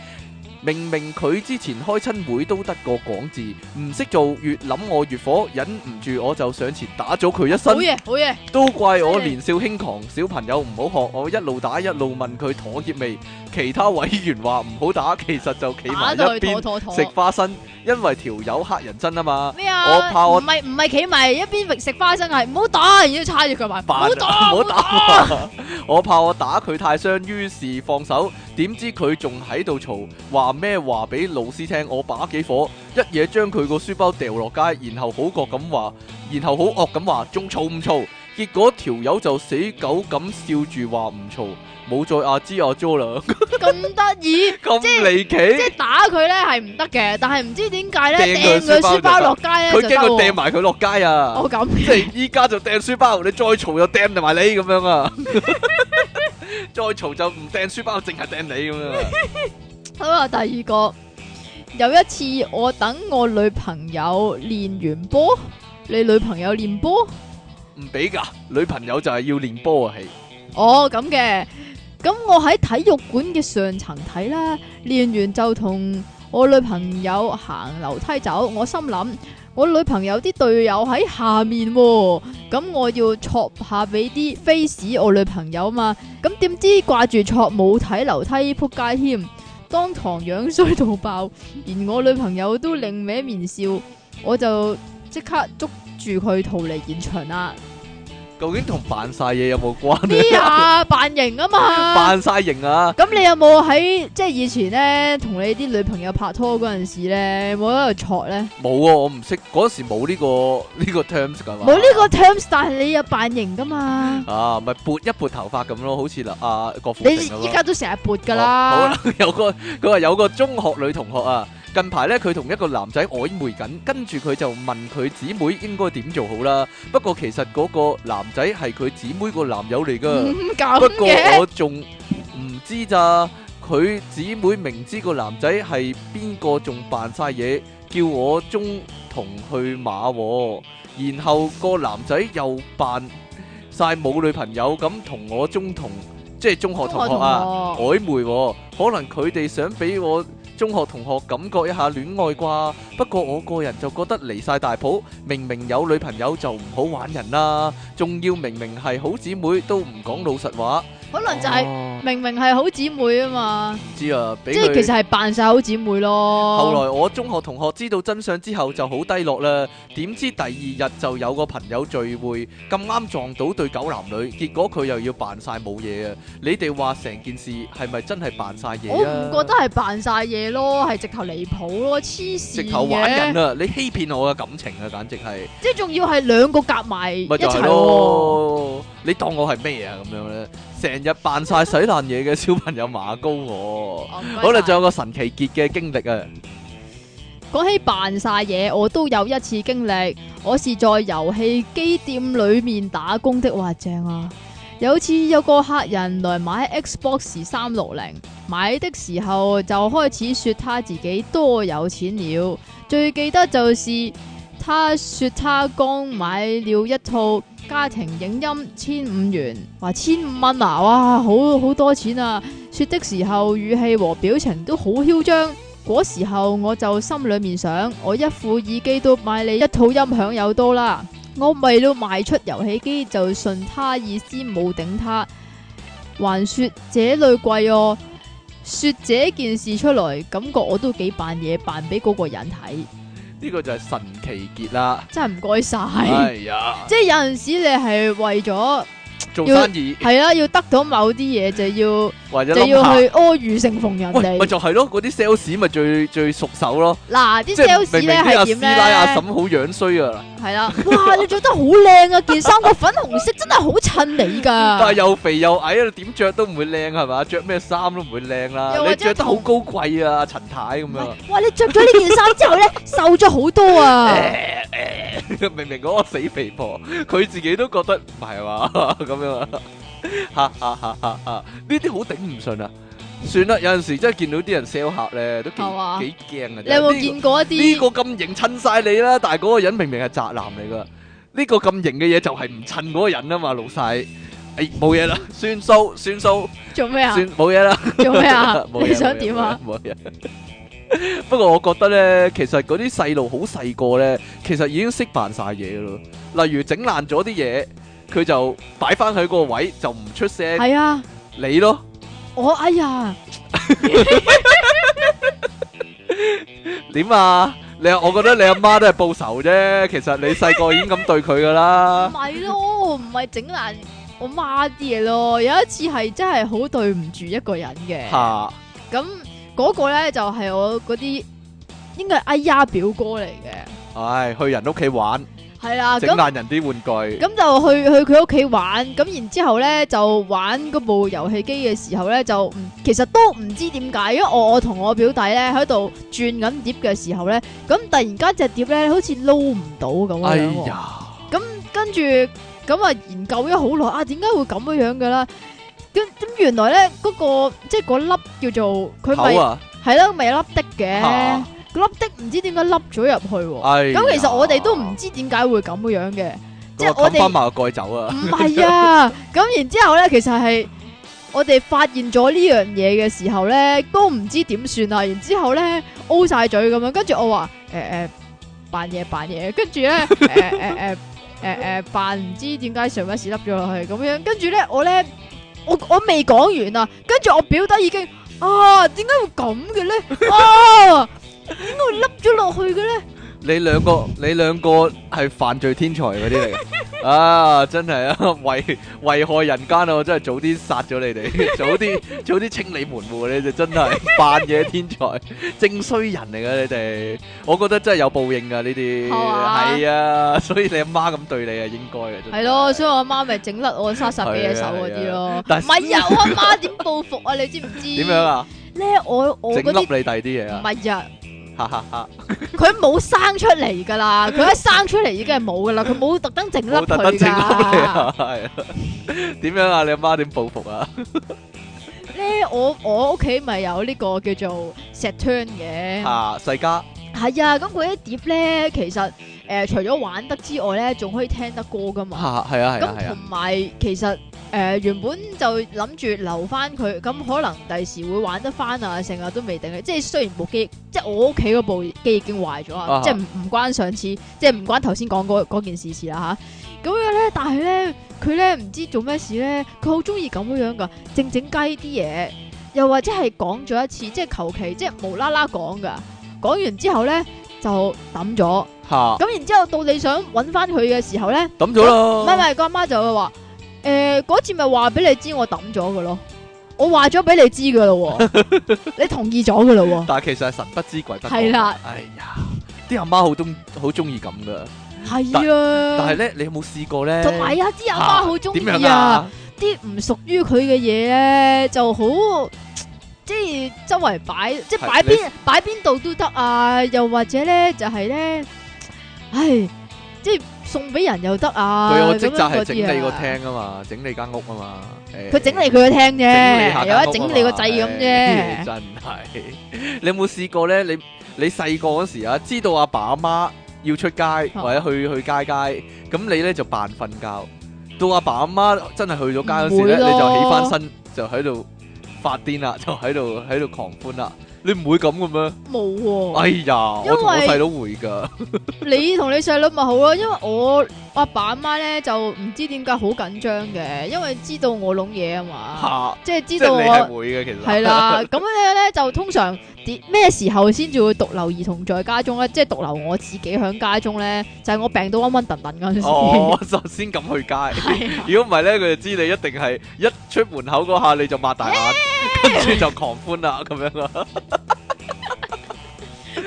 明明佢之前開親會都得個講字，唔識做，越諗我越火，忍唔住我就上前打咗佢一身。好嘢，好嘢！都怪我年少輕狂，小朋友唔好學我，一路打一路問佢妥協未？其他委員話唔好打，其實就企埋一邊食花生，因為條友黑人憎啊嘛。麼我怕我唔係唔係企埋一邊食花生係唔好打，要叉住佢埋唔好打，唔好但打！打打 我怕我打佢太傷，於是放手，點知佢仲喺度嘈話咩話俾老師聽？我把幾火，一嘢將佢個書包掉落街，然後好惡咁話，然後好惡咁話仲嘈唔嘈？結果條友就死狗咁笑住話唔嘈，冇再阿支阿 jo 啦。咁得意，咁離奇，即係打佢咧係唔得嘅，但係唔知點解咧掟佢書包落街咧，佢驚佢掟埋佢落街啊！哦咁，即係依家就掟書包，你再嘈就掟埋你咁樣啊！再嘈就唔掟書包，淨係掟你咁樣。好啊、嗯！第二個有一次，我等我女朋友練完波。你女朋友練波唔俾噶，女朋友就係要練波啊，係哦咁嘅。咁我喺體育館嘅上層睇啦，練完就同我女朋友行樓梯走。我心諗我女朋友啲隊友喺下面、哦，咁我要戳下俾啲 face 我女朋友啊嘛。咁點知掛住戳冇睇樓梯扑街添。當堂樣衰到爆，連我女朋友都擰歪面笑，我就即刻捉住佢逃離現場啦。究竟同扮晒嘢有冇關係？ 啊，扮型啊嘛！扮晒型啊！咁你有冇喺即係以前咧，同你啲女朋友拍拖嗰陣時咧，冇喺度戳咧？冇啊！我唔識嗰時冇呢個呢個 terms 噶嘛。冇呢個 terms，但係你有扮型噶嘛啊拼拼？啊，咪撥一撥頭髮咁咯，好似嗱阿郭富城咁咯。你依家都成日撥噶啦。好啦，有個佢話有個中學女同學啊。近排咧，佢同一個男仔曖昧緊，跟住佢就問佢姊妹應該點做好啦。不過其實嗰個男仔係佢姊妹個男友嚟噶，嗯、不過我仲唔知咋。佢姊妹明知個男仔係邊個，仲扮晒嘢，叫我中同去馬。然後個男仔又扮晒冇女朋友咁，同我中同，即係中學同學啊，學同學曖昧。可能佢哋想俾我中學同學感覺一下戀愛啩，不過我個人就覺得離晒大譜。明明有女朋友就唔好玩人啦，仲要明明係好姊妹都唔講老實話。可能就係明明係好姊妹啊嘛，唔知啊，即係其實係扮晒好姊妹咯。後來我中學同學知道真相之後就好低落啦。點知第二日就有個朋友聚會咁啱撞到對狗男女，結果佢又要扮晒冇嘢啊！你哋話成件事係咪真係扮晒嘢？我唔覺得係扮晒嘢咯，係直頭離譜咯，黐綫嘅！直頭玩人啊！你欺騙我嘅感情啊，簡直係！即係仲要係兩個夾埋一齊咯！咪就係！你當我係咩啊？咁樣咧？成日扮晒水爛嘢嘅小朋友馬高、哦，我謝謝，好啦，仲有個神奇杰嘅經歷啊。講起扮晒嘢，我都有一次經歷。我是在遊戲機店裏面打工的，哇，正啊！有次有個客人嚟買 Xbox 三六零，買的時候就開始說他自己多有錢了。最記得就是。他說他剛買了一套家庭影音，哇，千五元，話千五蚊啊，哇，好好多錢啊！說的時候語氣和表情都好囂張。嗰時候我就心裏面想，我一副耳機都買你一套音響有多啦。我為了賣出遊戲機就順他意思冇頂他，還說這類貴喎。說這件事出來，感覺我都幾扮嘢扮俾嗰個人睇。呢個就係神奇傑啦！真係唔該晒。係、哎、呀！即係有陣時你係為咗做生意，係啦，要得到某啲嘢就要凹凹就要去阿諛奉承人哋，咪就係咯！嗰啲 sales 咪最最熟手咯。嗱，啲 sales 咧係點咧？阿嬸好樣衰㗎！係啦，哇！你着得好靚啊，件衫個 粉紅色真係好襯你噶。但係又肥又矮啊，你點着都唔會靚係嘛？着咩衫都唔會靚啦。你着得好高貴啊，陳同太咁樣。哇！你着咗呢件衫之後咧， 瘦咗好多啊！ 明明嗰個死肥婆，佢自己都覺得唔係嘛？咁 樣 啊？哈哈哈！呢啲好頂唔順啊！算啦，有陣時真係見到啲人 sell 客咧，都幾幾驚啊！你有冇見過一啲呢個咁型襯晒你啦？但係嗰個人明明係宅男嚟噶，呢個咁型嘅嘢就係唔襯嗰個人啊嘛，老細。誒，冇嘢啦，算數，算數。做咩啊？冇嘢啦。做咩啊？冇嘢。你想點啊？冇嘢。不過我覺得咧，其實嗰啲細路好細個咧，其實已經識扮晒嘢咯。例如整爛咗啲嘢，佢就擺翻佢個位，就唔出聲。係啊。你咯。我哎呀，點 啊？你我覺得你阿媽都係報仇啫，其實你細個已經咁對佢噶啦。唔係咯，唔係整爛我媽啲嘢咯。有一次係真係好對唔住一個人嘅。吓， 咁嗰個咧就係、是、我嗰啲應該係哎呀，表哥嚟嘅。唉、哎，去人屋企玩。係啦，整爛人啲玩具。咁就去去佢屋企玩，咁然之後咧就玩嗰部遊戲機嘅時候咧，就其實都唔知點解，因為我我同我表弟咧喺度轉緊碟嘅時候咧，咁突然間隻碟咧好似撈唔到咁樣喎。咁跟住咁啊研究咗好耐啊，點解會咁樣樣嘅啦？咁咁原來咧嗰個即係嗰粒叫做佢咪係咯，咪有粒的嘅。粒的唔知點解凹咗入去喎，咁、哎、呀其實我哋都唔知點解會咁嘅樣嘅，蓋蓋即係我哋翻埋蓋走啊，唔係啊，咁然之後咧，其實係我哋發現咗呢樣嘢嘅時候咧，都唔知點算、呃呃呃呃呃呃呃、啊，然之後咧，O 晒嘴咁樣，跟住我話誒誒扮嘢扮嘢，跟住咧誒誒誒誒誒扮唔知點解上一次凹咗落去咁樣，跟住咧我咧我我未講完啊，跟住我表弟已經啊，點解會咁嘅咧啊？點解會凹咗落去嘅咧？你兩個你兩個係犯罪天才嗰啲嚟啊！真係啊，為為害人間啊！我真係早啲殺咗你哋，早啲早啲清理門戶，你就真係扮嘢天才，正衰人嚟嘅你哋，我覺得真係有報應噶呢啲，係啊，所以你阿媽咁對你啊，應該啊，係咯，所以我阿媽咪整甩我殺十幾隻手嗰啲咯，但係唔係啊，我阿媽點報復啊？你知唔知？點樣啊？呢我我嗰啲你第二啲嘢啊？唔係啊！哈哈哈！佢冇 生出嚟噶啦，佢一生出嚟已經係冇噶啦，佢冇特登整粒佢噶。點 樣？啊？你阿媽點報復？啊？咧 我我屋企咪有呢個叫做 Saturn 嘅。啊，世嘉。係啊，咁佢一碟咧，其實誒、呃、除咗玩得之外咧，仲可以聽得歌噶嘛。吓係 啊係咁同埋其實。誒、呃，原本就諗住留翻佢，咁可能第時會玩得翻啊，成日、啊、都未定。即係雖然部機，即係我屋企嗰部機已經壞咗啊，即係唔唔關上次，即係唔關頭先講嗰件事事啦吓。咁樣咧，但係咧，佢咧唔知做咩事咧，佢好中意咁樣噶，靜靜雞啲嘢，又或者係講咗一次，即係求其，即係無啦啦講噶，講完之後咧就抌咗。吓、啊，咁然之後到你想搵翻佢嘅時候咧，抌咗咯。唔係唔係，阿媽，媽，媽就會話。誒，嗰、欸、次咪話俾你知我抌咗㗎咯，我話咗俾你知噶啦， 你同意咗噶啦，但係其實係神不知鬼不覺啦。哎呀，啲阿媽好中好中意咁噶，係啊。但係咧，你有冇試過咧？唔係、就是、啊，啲阿媽好中意啊，啲唔屬於佢嘅嘢咧就好，即係周圍擺，即係擺邊擺邊度都得啊。又或者咧就係、是、咧，係即係。送俾人又得啊！佢有個職責係整理個廳啊嘛，整理間屋啊嘛。佢、欸、整理佢個廳啫，或者整你個掣咁啫。真係，你有冇試過咧？你你細個嗰時啊，知道阿爸阿媽要出街、啊、或者去去街街，咁你咧就扮瞓覺。到阿爸阿媽真係去咗街嗰時咧，你就起翻身就喺度發癲啦，就喺度喺度狂歡啦。你唔會咁嘅咩？冇喎、啊！哎呀，因為我同我細佬會㗎。你同你細佬咪好咯，因為我。阿爸阿媽咧就唔知點解好緊張嘅，因為知道我攏嘢啊嘛，啊即係知道我會其實係啦。咁 樣咧就通常啲咩時候先至會獨留兒童在家中咧？即係獨留我自己喺家中咧，就係、是、我病到昏昏頓頓嗰時、哦。我 首先噉去街，如果唔係咧，佢就知你一定係一出門口嗰下你就擘大眼，Yeah! 跟住就狂歡啦咁樣啊！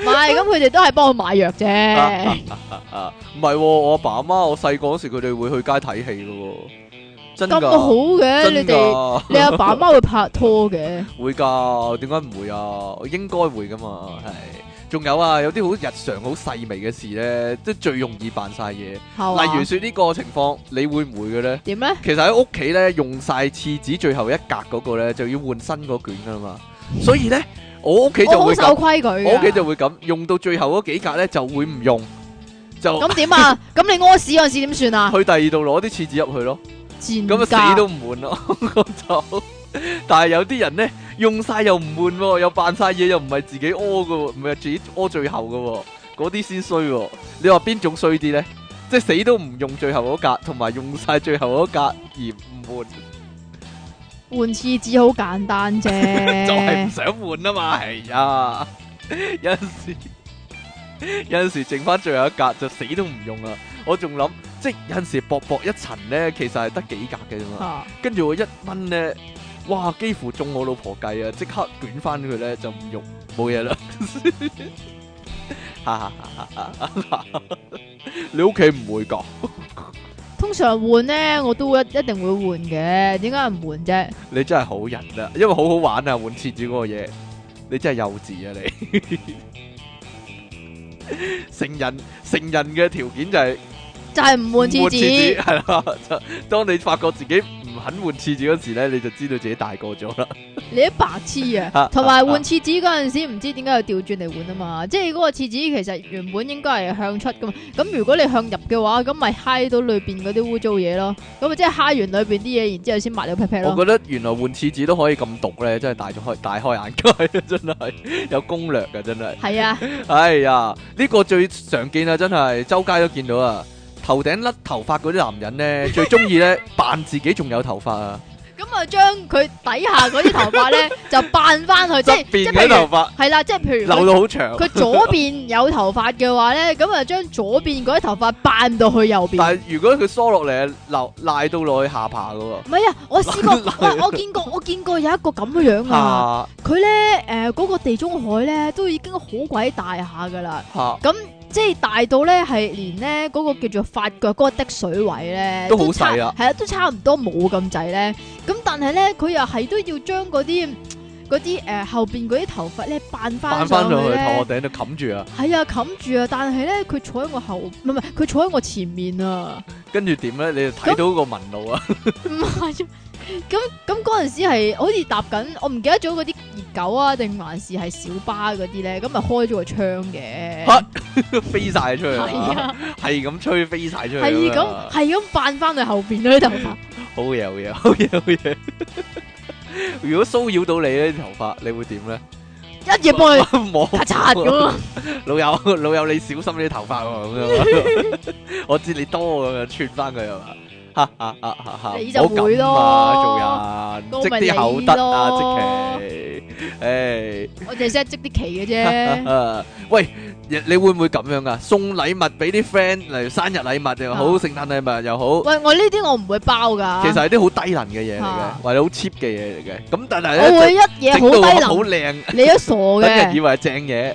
唔係，咁佢哋都係幫我買藥啫 啊。啊，唔、啊、係、啊啊，我阿爸阿媽，我細個嗰時佢哋會去街睇戲咯。真噶？咁好嘅、啊的，你哋你阿爸阿媽會拍拖嘅？ 會噶，點解唔會啊？應該會噶嘛，係。仲有啊，有啲好日常、好細微嘅事咧，即係最容易扮晒嘢。嗎例如說呢個情況，你會唔會嘅咧？點咧？其實喺屋企咧，用晒廁紙最後一格嗰個咧，就要換新嗰卷噶啦嘛。所以咧。我屋企就好守規矩，我屋企就會咁，用到最後嗰幾格咧就會唔用，就咁點啊？咁你屙屎嗰陣時點算啊？去第二度攞啲廁紙入去咯，咁啊死都唔換咯，咁就。但係有啲人咧，用晒又唔換，又扮晒嘢，又唔係自己屙噶，唔係自己屙最後噶，嗰啲先衰。你話邊種衰啲咧？即係死都唔用最後嗰格，同埋用晒最後嗰格而唔換。換廁紙好簡單啫，就係唔想換啊嘛。係、哎、呀，有陣時 有陣時剩翻，最後一格就死都唔用啦。我仲諗，即係有陣時薄薄一層咧，其實係得幾格嘅啫嘛。哈跟住我一掹咧，哇，幾乎中我老婆計啊，即刻捲翻佢咧就唔用，冇嘢啦。 你屋企唔會噶？ 通常換咧我都會一定會換嘅，點解唔換啫？你真係好人啊，因為好好玩啊，換廁紙嗰個嘢，你真係幼稚啊你！成人成人嘅條件就係就係唔換廁紙，係咯？就當你發覺自己，肯換廁紙嗰時咧，你就知道自己大個咗啦。你一白痴啊！同埋換廁紙嗰陣時，唔知點解要調轉嚟換啊嘛？ 即係嗰個廁紙其實原本應該係向出噶嘛。咁如果你向入嘅話，咁咪嗨到裏邊嗰啲污糟嘢咯。咁咪即係嗨完裏邊啲嘢，然之後先抹你屁屁咯。我覺得原來換廁紙都可以咁毒咧，真係大開大開眼界。真係 有攻略噶，真係。係是啊！ 哎呀，呢、這個最常見啊，真係周街都見到啊！頭頂甩頭髮嗰啲男人咧，最中意咧扮自己仲有頭髮啊！咁啊，將佢底下嗰啲頭髮咧就扮翻佢，即係即係，譬如係啦，即係譬如留到好長。佢左邊有頭髮嘅話咧，咁啊，將左邊嗰啲頭髮扮到去右邊。但係如果佢梳落嚟啊，留賴到落去下巴噶喎。唔係啊，我試過，我見過，我見過有一個咁嘅樣啊。佢咧誒，嗰個地中海咧都已經好鬼大下噶啦。吓咁。即係大到咧，係連咧嗰個叫做髮腳嗰個滴水位咧，都，都好細係啊，都差唔多冇咁滯咧。咁但係咧，佢又係都要將嗰啲嗰啲誒後邊嗰啲頭髮咧扮翻上，上去咧。頭殼頂度冚住啊！係啊，冚住啊！但係咧，佢坐喺我後唔係唔係，佢坐喺我前面啊！跟住點咧？你就睇到那個紋路啊？唔係啊！咁咁嗰陣時係好似搭緊，我唔記得咗嗰啲熱狗啊，定還是係小巴嗰啲咧？咁咪開咗個窗嘅，哈、 啊，飛晒出去係啊，係咁吹飛晒出去咯，係咁係咁扮翻去後邊嗰啲頭髮，好嘢、好嘢、好嘢、好嘢！如果騷擾到你咧，頭髮你會點咧？一嘢幫你抹擦咁咯，老友老友，你小心啲頭髮咁樣， 我知你多咁樣串翻佢係嘛？哈哈哈！哈冇咁嘛，做人積啲口德啊，積淇。誒，我淨係識積啲奇嘅啫。誒，喂，你會唔會咁樣噶？送禮物俾啲 friend，例如生日禮物又好，聖誕禮物又好。喂，我呢啲我唔會包噶。其實係啲好低能嘅嘢嚟嘅，或者好 cheap 嘅嘢嚟嘅。咁但係咧，我會一嘢好低能，好靚，你一傻嘅，等人以為係正嘢。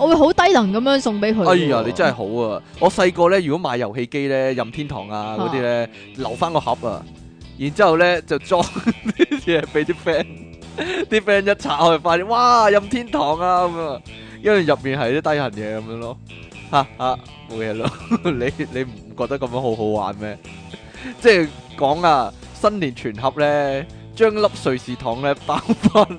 我會好低能咁樣送俾佢。哎呀，你真係好啊！我細個咧，如果買遊戲機咧，《任天堂》啊嗰啲咧，留翻個盒啊，然之後咧就裝啲嘢俾啲 friend，啲 friend 一拆開發現，哇，《任天堂》啊咁啊，因為入面係啲低能嘢咁樣咯。吓 吓事了，冇嘢咯。你你唔覺得咁樣好好玩咩？即係講啊，新年全盒咧，將粒瑞士糖咧包翻。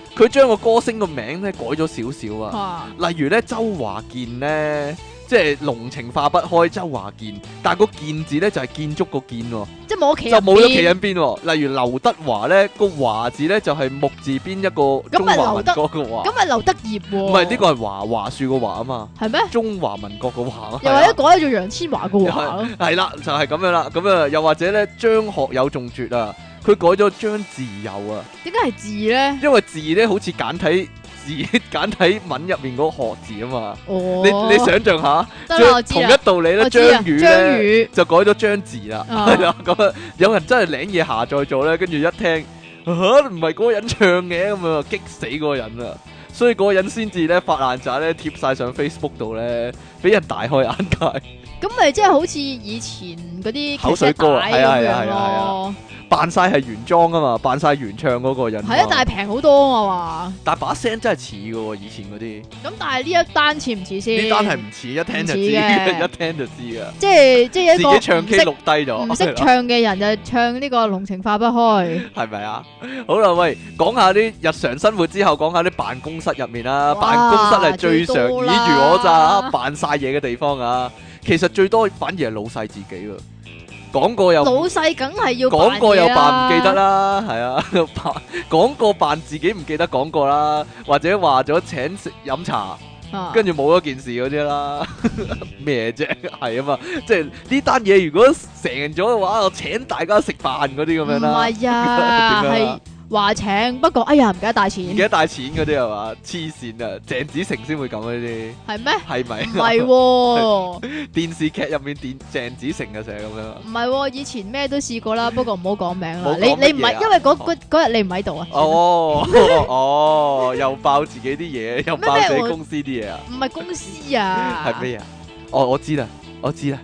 佢將個歌星個名咧改咗少少啊，例如咧周華健咧，即係濃情化不開周華健，但係個健字咧就係建築個建喎，即係冇企就冇咗企人邊喎。例如劉德華咧個華字咧就係木字邊一個中華民國個華，咁咪劉德業，唔係呢個係華華樹個華啊嘛，係咩？中華民國個華咯，啊又或者改咗做楊千華個華咯，係啦，就係咁樣啦，咁啊，又或者咧張學友仲絕啊！佢改咗張字友啊？點解係字咧？因為字咧好似簡體字，簡體文入面嗰個學字啊嘛。哦，你你想象下，同一道理咧，張宇咧就改咗張字啦。係啦，咁啊，有人真係領嘢下載咗咧，跟住一聽嚇唔係嗰個人唱嘅，咁啊，激死嗰個人啦。所以嗰個人先至咧發爛渣咧貼晒上 Facebook 度咧，俾人大開眼界。咁咪即係好似以前嗰啲口水歌啊，係啊係啊係啊，扮晒係原裝啊嘛，扮晒原唱嗰個人係啊，但係平好多啊嘛。但係把聲真係似噶喎，以前嗰啲。咁但係呢一單似唔似先？呢單係唔似，一聽就知嘅， 一聽就知啊。即係即係， 自己唱 K 錄低咗，唔識唱嘅人就唱呢個濃情化不開，係咪 啊？好啦，喂，講下啲日常生活之後，講下啲辦公室入面啦。哇辦公室係最常以住我咋，扮晒嘢嘅地方啊。其實最多反而係老細自己啊！講過又老細，梗係要講過又扮唔記得啦，係啊，講過扮自己唔記得講過啦，或者話咗請食飲茶，跟住冇咗件事嗰啲啦，咩 啫、啊？係啊嘛，即係呢單嘢如果成咗嘅話，我請大家食飯嗰啲咁樣啦。唔係啊， 說話請，不過哎呀，唔記得帶錢，唔記得帶錢嗰啲係嘛，黐線啊！鄭子成先會咁嗰啲，係咩？係咪嗎？唔係、哦、 電視劇入面電鄭子成嘅成日咁樣？唔係、哦，以前咩都試過啦，不過唔好講名啦、 啊。你你唔係，因為嗰日你唔喺度啊？哦哦，哦，又爆自己啲嘢， 又爆自己公司啲嘢啊？唔係公司啊？係咩啊？哦、oh,，我知啦。我知啦，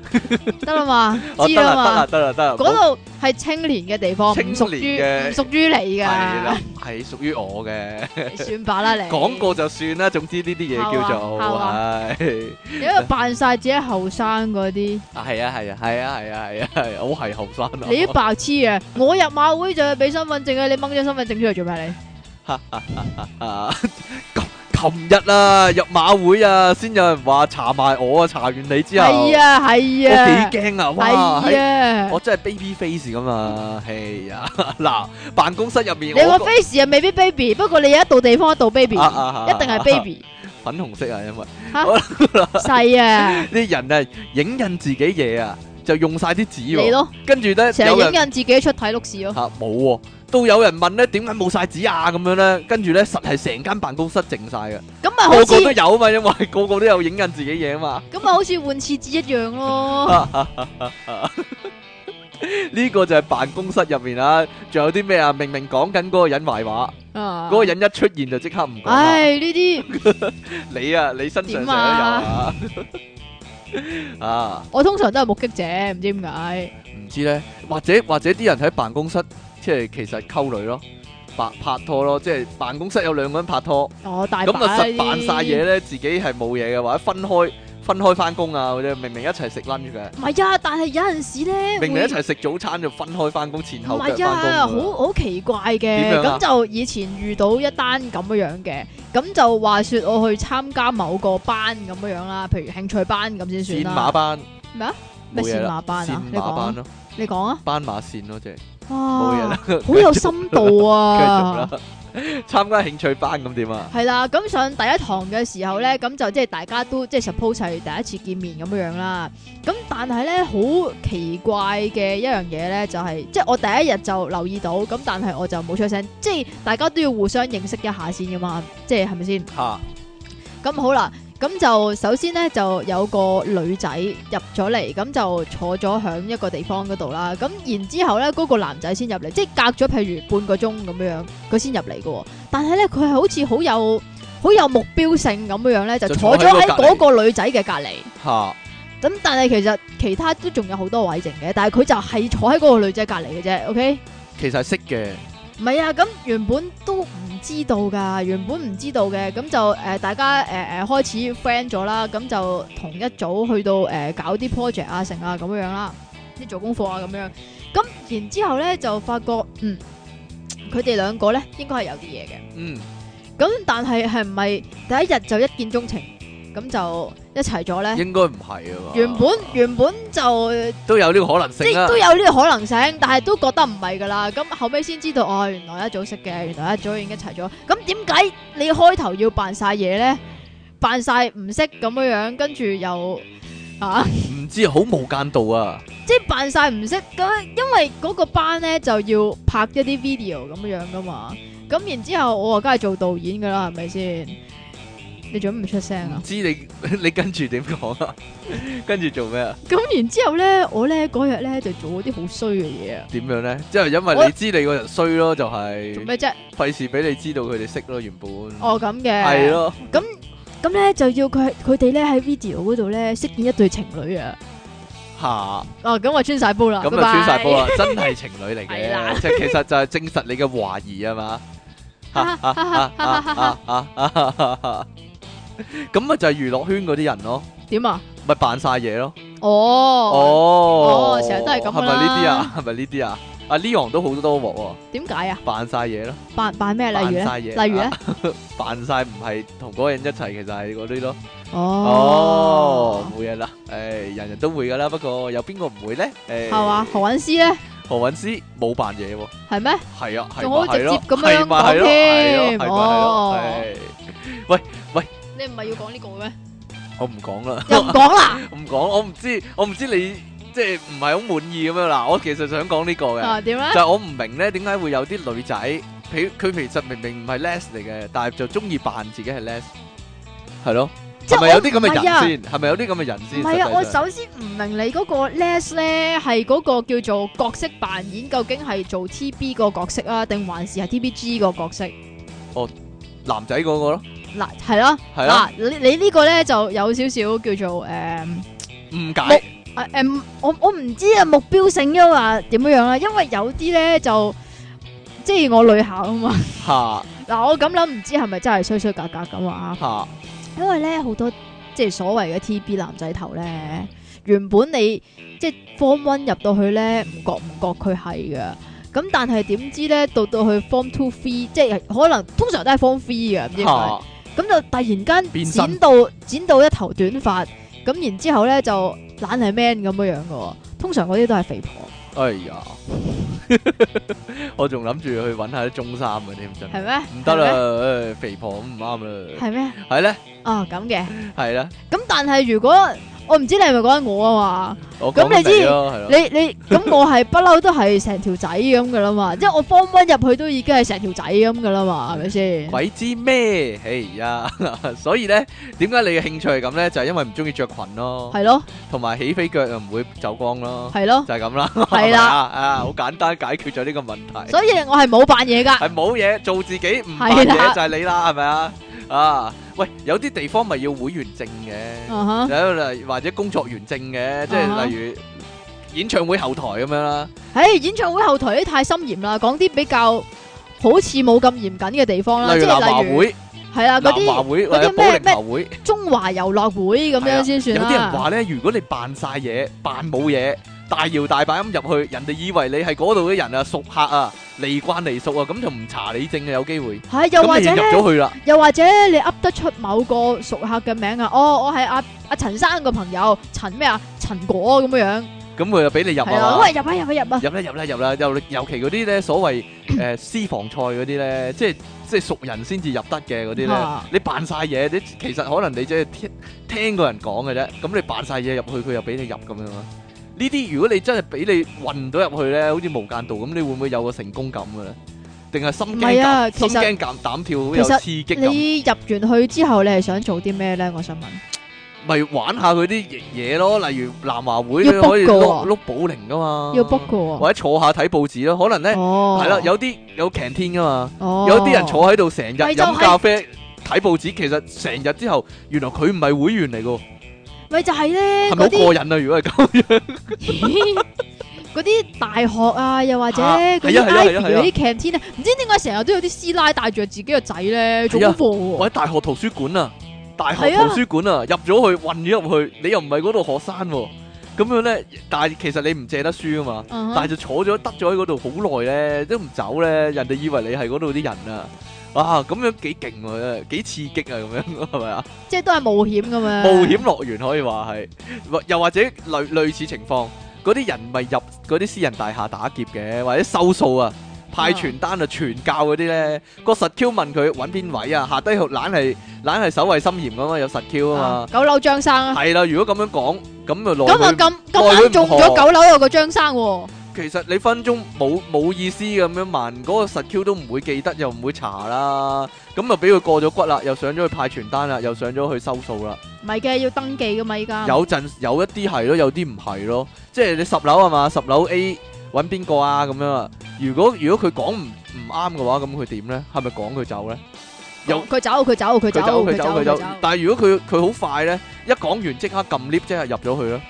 得啦嘛，知啦嘛，得啦得啦得啦得啦，嗰度係青年嘅地方，唔屬於唔屬於你噶。係啦，係屬於我嘅，你算罷啦你，講過就算啦，總之呢啲嘢叫做唉，你喺度扮晒自己後生嗰啲，啊係啊係啊係啊係啊係啊，我係後生啊，你啲白痴啊，我入馬會就要俾身份證啊，你掹咗身份證出嚟做咩你？琴日啊，入馬會啊，先有人話查埋我啊，查完你之後，係啊係啊，我幾驚啊，哇，我真係 baby face 咁啊，哎呀，嗱，辦公室入面，你個 face 又未必 baby，不過你有一度地方一度 baby，一定係 baby 粉紅色啊，因為吓細啊，啲人啊影印自己嘢啊，就用晒啲紙嚟咯，跟住咧，成日影印自己出睇碌屎咯，吓冇。都有人問咧，點解冇曬紙啊？咁樣咧，跟住咧，實係成間辦公室靜曬嘅。咁啊，個個都有嘛，因為個個都有影緊自己嘢啊嘛。咁啊，好似換廁紙一樣咯。呢個就係辦公室入面啊，仲有啲咩啊？明明講緊嗰個人壞話，嗰個人一出現就即刻唔講。唉，呢啲你啊，你身上成都有啊。啊！我通常都係目擊者，唔知點解。唔知咧，或者或者啲人喺辦公室。即係其實溝女咯，拍拍拖咯，即係辦公室有兩個人拍拖，咁啊實扮晒嘢咧，自己係冇嘢嘅，或者分開分開翻工啊，或者明明一齊食 lunch 嘅。唔係啊，但係有陣時咧，明明一齊食早餐就分開翻工，前後腳翻工，唔係啊，好我好奇怪嘅。咁就以前遇到一單咁樣樣嘅，咁就話説我去參加某個班咁樣樣啦，譬如興趣班咁先算啦。線馬班咩啊？咩線馬班啊？線馬班咯，你講啊？斑馬線咯，即係。哇，好有深度啊！參 加興趣班咁點啊？係啦，咁上第一堂嘅時候咧，咁就即係大家都即係 suppose 係，第一次見面咁樣樣啦。咁但係咧，好奇怪嘅一樣嘢咧，就係、是、即係我第一日就留意到，咁但係我就冇出聲。即係大家都要互相認識一下先噶嘛，即係係咪先？吓，咁、啊、好啦。咁就首先咧，就有個女仔入咗嚟，咁就坐咗響一個地方嗰度啦。咁然之後咧，嗰個男仔先入嚟，即係隔咗譬如半個鐘咁樣，佢先入嚟嘅。但係咧，佢係好似好有好有目標性咁樣樣咧，就坐咗喺嗰個女仔嘅隔籬。吓，咁 但係其實其他都仲有好多位剩嘅，但係佢就係坐喺嗰個女仔隔籬嘅啫。OK，其實識嘅。唔係啊，咁原本都唔知道噶原本唔知道嘅。咁就誒、呃、大家誒誒、呃、開始 friend 咗啦，咁就同一組去到誒、呃、搞啲 project 啊、成啊咁樣啦，啲做功課啊咁樣，咁然之後呢就發覺，嗯，佢哋兩個呢應該係有啲嘢嘅。嗯，咁但係係唔係第一日就一見鍾情？咁就一齊咗咧？應該唔係啊嘛。原本原本就都有呢個可能性，即係都有呢個可能性，但係都覺得唔係噶啦。咁後尾先知道哦，原來一早識嘅，原來一早已經一齊咗。咁點解你開頭要扮晒嘢咧？扮晒唔識咁樣樣，跟住又啊？唔知好無間道啊！即係扮晒唔識咁，因為嗰個班咧就要拍一啲 video 咁樣樣噶嘛。咁然之後我啊，梗係做導演噶啦，係咪先？你做咩唔出聲啊？唔知你你跟住點講啊？跟住做咩啊？咁然之後咧，我咧嗰日咧就做嗰啲好衰嘅嘢啊！點樣咧？即係因為你知你個人衰咯，就係做咩啫？費事俾你知道佢哋識咯，原本哦咁嘅係咯。咁咁咧就要佢佢哋咧喺 video 嗰度咧飾演一對情侶啊！吓哦咁我穿晒煲啦，咁啊穿晒煲啦，真係情侶嚟嘅，即係其實就係證實你嘅懷疑啊嘛！啊咁咪就係娛樂圈嗰啲人咯，點啊？咪扮晒嘢咯。哦哦哦，成日都係咁。係咪呢啲啊？係咪呢啲啊？阿 Leon 都好多鑊喎。點解啊？扮晒嘢咯。扮扮咩？例如咧？例如咧？扮晒唔係同嗰個人一齊，其實係嗰啲咯。哦，冇嘢啦。誒，人人都會噶啦，不過有邊個唔會咧？誒，係嘛？何韻詩咧？何韻詩冇扮嘢喎。係咩？係啊，係啊。仲好直接咁樣講添。哦，喂。你唔係要講呢個咩？我唔講啦，又唔講啦，唔講，我唔知，我唔知你即係唔係好滿意咁樣啦。我其實想講呢個嘅，點咧？就係我唔明咧，點解會有啲女仔，佢佢其實明明唔係 less 嚟嘅，但係就中意扮自己係 less，係咯？係咪有啲咁嘅人先？係咪有啲咁嘅人先？唔係啊！我首先唔明你嗰個 less 咧，係嗰個叫做角色扮演，究竟係做 TB 個角色啊，定還是係 TBG 個角色？哦，男仔嗰個咯。嗱係咯，嗱你你個呢個咧就有少少叫做誒誤解誒我我唔知啊目標性啊點樣樣咧，因為有啲咧就即係我女校嘛啊嘛吓，嗱我咁諗唔知係咪真係衰衰格格咁話啊吓，因為咧好多即係所謂嘅 TB 男仔頭咧，原本你即係 form one 入到去咧唔覺唔覺佢係嘅，咁但係點知咧到到去 form two three，即係可能通常都係 form three 嘅咁、啊。咁就突然間剪到變身剪到一頭短髮，咁然之後咧就懶係 man 咁樣樣嘅，通常嗰啲都係肥婆。哎呀， 我仲諗住去搵下啲中三嘅、啊、添，真係咩？唔得啦，肥婆咁唔啱啦。係咩？係咧嗎？呢哦，咁嘅。係啦呢。咁但係如果。我唔知你係咪講緊我啊嘛，咁我說 你知你你咁我係不嬲都係成條仔咁噶啦嘛，即係 我方方入去都已經係成條仔咁噶啦嘛，係咪先？鬼知咩？哎呀，所以咧，點解你嘅興趣係咁咧？就係因為唔中意着裙咯，係咯的，同埋起飛腳又唔會走光咯，係咯的，就係咁啦，係啦的，啊， 好簡單解決咗呢個問題。所以我係冇扮嘢噶，係冇嘢做自己，唔扮嘢就係你啦，係咪啊？啊！喂，有啲地方咪要會員證嘅，uh huh. 或者工作員證嘅，uh huh. 即係例如演唱會後台咁樣啦。唉、哎，演唱會後台啲太森嚴啦，講啲比較好似冇咁嚴謹嘅地方啦，即係例如係啦，嗰啲嗰啲咩咩會中華遊樂會咁樣先算啦、 啊。有啲人話咧，如果你扮晒嘢，扮冇嘢，大搖大擺咁入去，人哋以為你係嗰度嘅人啊，熟客啊。 嚟慣嚟熟啊，咁就唔查你證啊，有機會。係又或者，入咗去啦，又或者你噏得出某個熟客嘅名啊？哦，我係阿阿陳生個朋友，陳咩啊？陳果咁樣。咁佢就俾你入啊。喂，入啊入啊入啊！入啦入啦入啦！尤尤其嗰啲咧所謂誒私房菜嗰啲咧，即係即係熟人先至入得嘅嗰啲咧。你扮曬嘢，你其實可能你即係聽聽過人講嘅啫。咁你扮曬嘢入去，佢又俾你入咁樣啊？呢啲如果你真係俾你混到入去咧，好似無間道咁，你會唔會有個成功感嘅咧？定係心驚心驚、減、啊、膽跳，好實有刺激感。入完去之後，你係想做啲咩咧？我想問，咪玩下佢啲嘢咯，例如南華會你可以碌碌、哦、保齡㗎嘛，要 book、哦、或者坐下睇報紙咯。可能咧，係啦、哦，有啲有 canteen 噶嘛，哦、有啲人坐喺度成日飲、就是、咖啡睇報紙，其實成日之後，原來佢唔係會員嚟㗎。咪就係咧，係咪好過癮啊？如果係咁樣，嗰啲大學啊，又或者嗰啲 campus 嗰啲 campsite 啊，唔知點解成日都有啲師奶帶住自己個仔咧，做功、啊、課喎、啊。喺大學圖書館啊，大學圖書館啊，入咗去混咗入去，你又唔係嗰度學生喎、啊，咁樣咧，但係其實你唔借得書啊嘛，uh huh. 但係就坐咗，得咗喺嗰度好耐咧，都唔走咧，人哋以為你係嗰度啲人啊。哇，咁樣幾勁啊，幾刺激啊，咁樣係咪啊？即係都係冒險咁樣。冒險樂園可以話係，或又或者類類似情況，嗰啲人咪入嗰啲私人大廈打劫嘅，或者收數啊，派傳單啊，傳教嗰啲咧，個實 Q 問佢搵邊位啊，下低懶係懶係，守衛心嚴噶嘛，有實 Q 啊嘛。九樓張生啊係啦，如果咁樣講，咁咪落咁啊，咁咁啱中咗九樓有個張生。其實你分鐘冇冇意思咁樣慢，嗰個實 Q 都唔會記得，又唔會查啦。咁啊，俾佢過咗骨啦，又上咗去派傳單啦，又上咗去收數啦。唔係嘅，要登記噶嘛依家。有陣有一啲係咯，有啲唔係咯。即係你十樓啊嘛？十樓 A 揾邊個啊？咁樣啊？如果如果佢講唔唔啱嘅話，咁佢點咧？係咪講佢走咧？由佢走佢走佢走佢走佢走。但係如果佢佢好快咧，一講完即刻撳 lift 即係入咗去啦。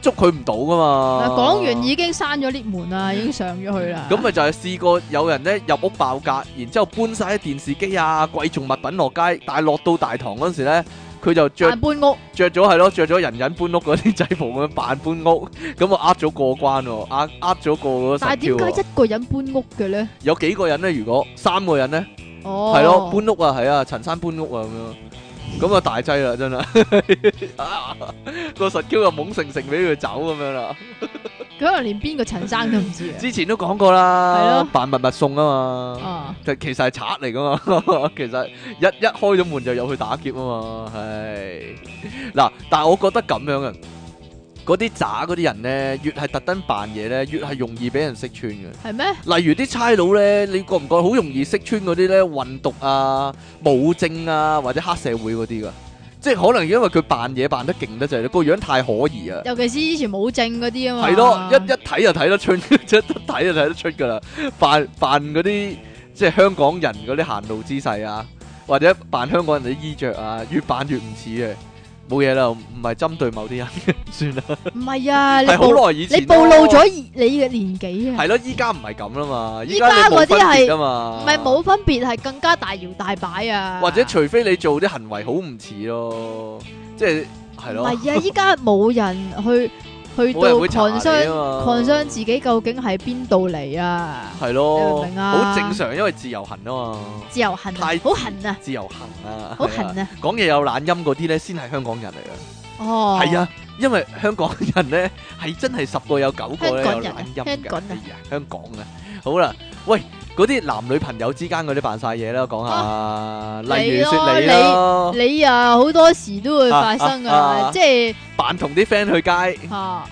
捉佢唔到噶嘛？講、啊、完已經閂咗 lift 門啦，已經上咗去啦。咁咪、 嗯、就係試過有人咧入屋爆格，然之後搬晒啲電視機啊貴重物品落街，但係落到大堂嗰時咧，佢就着搬屋，着咗係咯，着咗人人搬屋嗰啲制服咁樣扮搬屋，咁啊呃咗過關喎，呃呃咗過。但係點解一個人搬屋嘅咧？有幾個人咧？如果三個人咧，哦，係咯搬屋啊，係啊，陳山搬屋啊咁樣。咁 啊大劑啦真係，個實嬌又懵成成俾佢走咁樣啦，佢可能連邊個陳生都唔知啊。 之前都講過啦，扮密密送啊嘛，就、uh. 其實係賊嚟噶嘛。其實一一開咗門就入去打劫啊嘛。係嗱、 啊，但係我覺得咁樣啊。嗰啲渣嗰啲人咧，越係特登扮嘢咧，越係容易俾人識穿嘅。係咩嗎？例如啲差佬咧，你覺唔覺好容易識穿嗰啲咧？運毒啊、武證啊，或者黑社會嗰啲噶，即係可能因為佢扮嘢扮得勁得滯，個樣太可疑啊！尤其是以前武證嗰啲啊嘛。係咯，一一睇就睇得出， 一睇就睇得出㗎啦。扮扮嗰啲即係香港人嗰啲行路姿勢啊，或者扮香港人啲衣着啊，越扮越唔似嘅。冇嘢啦，唔係針對某啲人，算啦。唔係啊，係好耐以前，你暴露咗你嘅年紀啊。係咯，依家唔係咁啦嘛，依家嗰啲係，唔係冇分別，係更加大搖大擺啊。或者除非你做啲行為好唔似咯，即係，係咯。唔係啊，依家冇人去。 去到困傷，困傷自己究竟喺邊度嚟啊？係咯，明唔明啊？好正常，因為自由行啊嘛，自由行，好痕啊，自由行啊，好痕啊。講嘢有懶音嗰啲咧，先係香港人嚟嘅。哦，係啊，因為香港人咧係真係十個有九個咧有懶音㗎。香港啊，香港啊，好啦，喂。嗰啲男女朋友之間嗰啲扮晒嘢啦，講下，啊、例如説你咯你、啊，你啊好多時都會發生噶，即係扮同啲 friend 去街，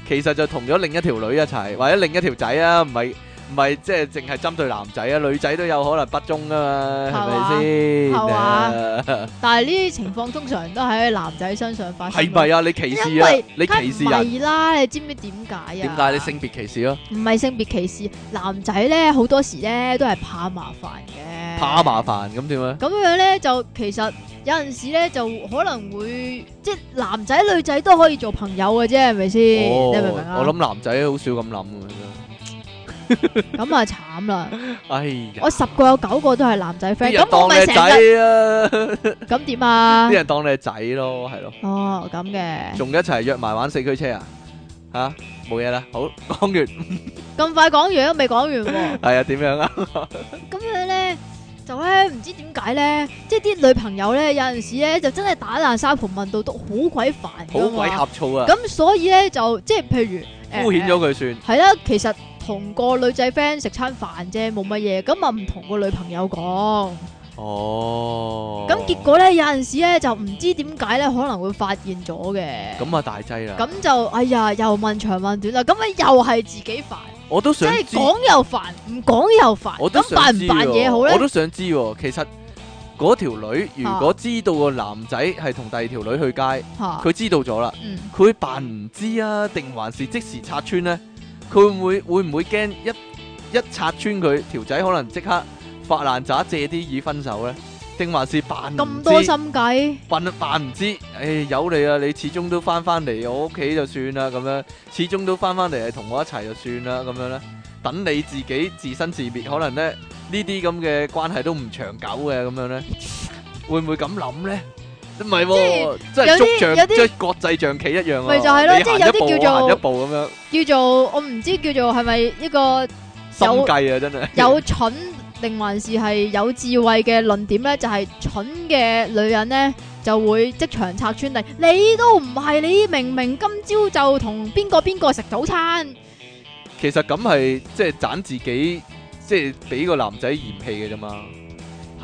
其實就同咗另一條女一齊，或者另一條仔啊，唔係。唔係即係淨係針對男仔啊，女仔都有可能不忠噶嘛，係咪先？係啊， 但係呢啲情況通常都喺男仔身上發生。係咪啊？你歧視啊？為你歧視？唔係啦，你知唔知點解啊？點解？你性別歧視咯？唔係性別歧視，男仔咧好多時咧都係怕麻煩嘅。怕麻煩咁點啊？咁樣咧就其實有陣時咧就可能會即係男仔女仔都可以做朋友嘅啫，係咪先？Oh, 你明唔明啊？我諗男仔好少咁諗咁啊慘啦！哎呀，我十個有九個都係男仔 friend，咁我咪成日，咁點啊？啲人當你係仔咯，係咯。哦，咁嘅。仲一齊約埋玩四驅車啊？吓，冇嘢啦。好，講完。咁快講完都未講完喎。係啊，點樣啊？咁樣咧，就咧唔知點解咧，即係啲女朋友咧，有陣時咧就真係打爛沙盤問到都好鬼煩，好鬼呷醋啊！咁所以咧就即係譬如敷衍咗佢算係啦，其實。同個女仔 friend 食餐飯啫，冇乜嘢。咁啊，唔同個女朋友講。哦，咁結果呢？有陣時呢就唔知點解呢可能會發現咗嘅。咁啊，大劑啦。咁就哎呀，又問長問短啦。咁啊，又係自己煩。我都想，即係講又煩，唔講又煩。咁扮唔扮嘢好呢？我都想知。其實嗰條女如果知道個男仔係同第二條女去街，佢哈知道咗啦，佢扮唔知啊，定還是即時拆穿呢？嗯佢，會會唔會驚一一拆穿佢，條仔可能即刻發爛渣，借啲意分手呢？定還是扮咁多心計，扮扮唔知？誒、哎，由你啊，你始終都翻翻嚟我屋企就算啦，咁樣始終都翻翻嚟同我一齊就算啦，咁樣呢，等你自己自生自滅，可能咧呢啲咁嘅關係都唔長久嘅。咁樣，咁樣呢，會唔會咁諗呢？唔係喎，即係象，即係國際象棋一樣咯。咪就係咯，即係有啲叫做行一步咁樣，叫做我唔知叫做係咪一個心計啊！真係有蠢定還是係有智慧嘅論點咧，就係蠢嘅女人咧就會即場拆穿你。你都唔係你，明明今朝就同邊個邊個食早餐。其實咁係即係盞自己，即係俾個男仔嫌棄嘅啫嘛。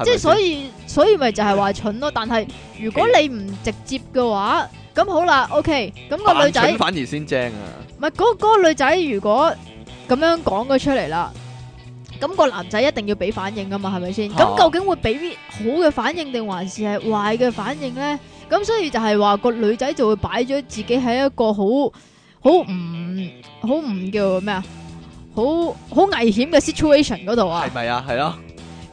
即係所以。所以咪就係話蠢咯，但係如果你唔直接嘅話，咁好啦，OK，咁個女仔反而先正啊。唔係嗰嗰個女仔如果咁樣講咗出嚟啦，咁個男仔一定要俾反應噶嘛，係咪先？咁、啊、究竟會俾好嘅反應定還是係壞嘅反應咧？咁所以就係話個女仔就會擺咗自己喺一個好好唔好唔叫咩啊，啊，好好危險嘅 situation 嗰度啊？係咪啊？係咯。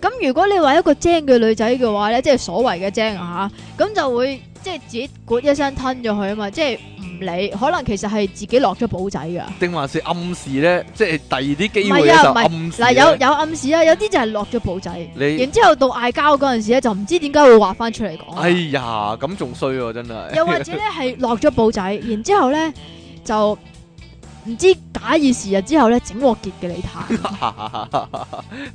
咁如果你話一個精嘅女仔嘅話咧，即係所謂嘅精啊吓，咁就會即係自己咕一聲吞咗佢啊嘛，即係唔理，可能其實係自己落咗簿仔噶。定還是暗示咧，即係第二啲機會就暗示。嗱、呃、有有暗示啊，有啲就係落咗簿仔。你然之後到嗌交嗰陣時咧，就唔知點解會話翻出嚟講。哎呀，咁仲衰喎，真係。又或者咧係落咗簿仔， 然之後咧就。唔知假以時日之後咧整個結嘅你睇，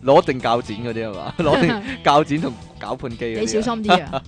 攞定鉸剪嗰啲係嘛？攞定鉸剪同攪拌機，你小心啲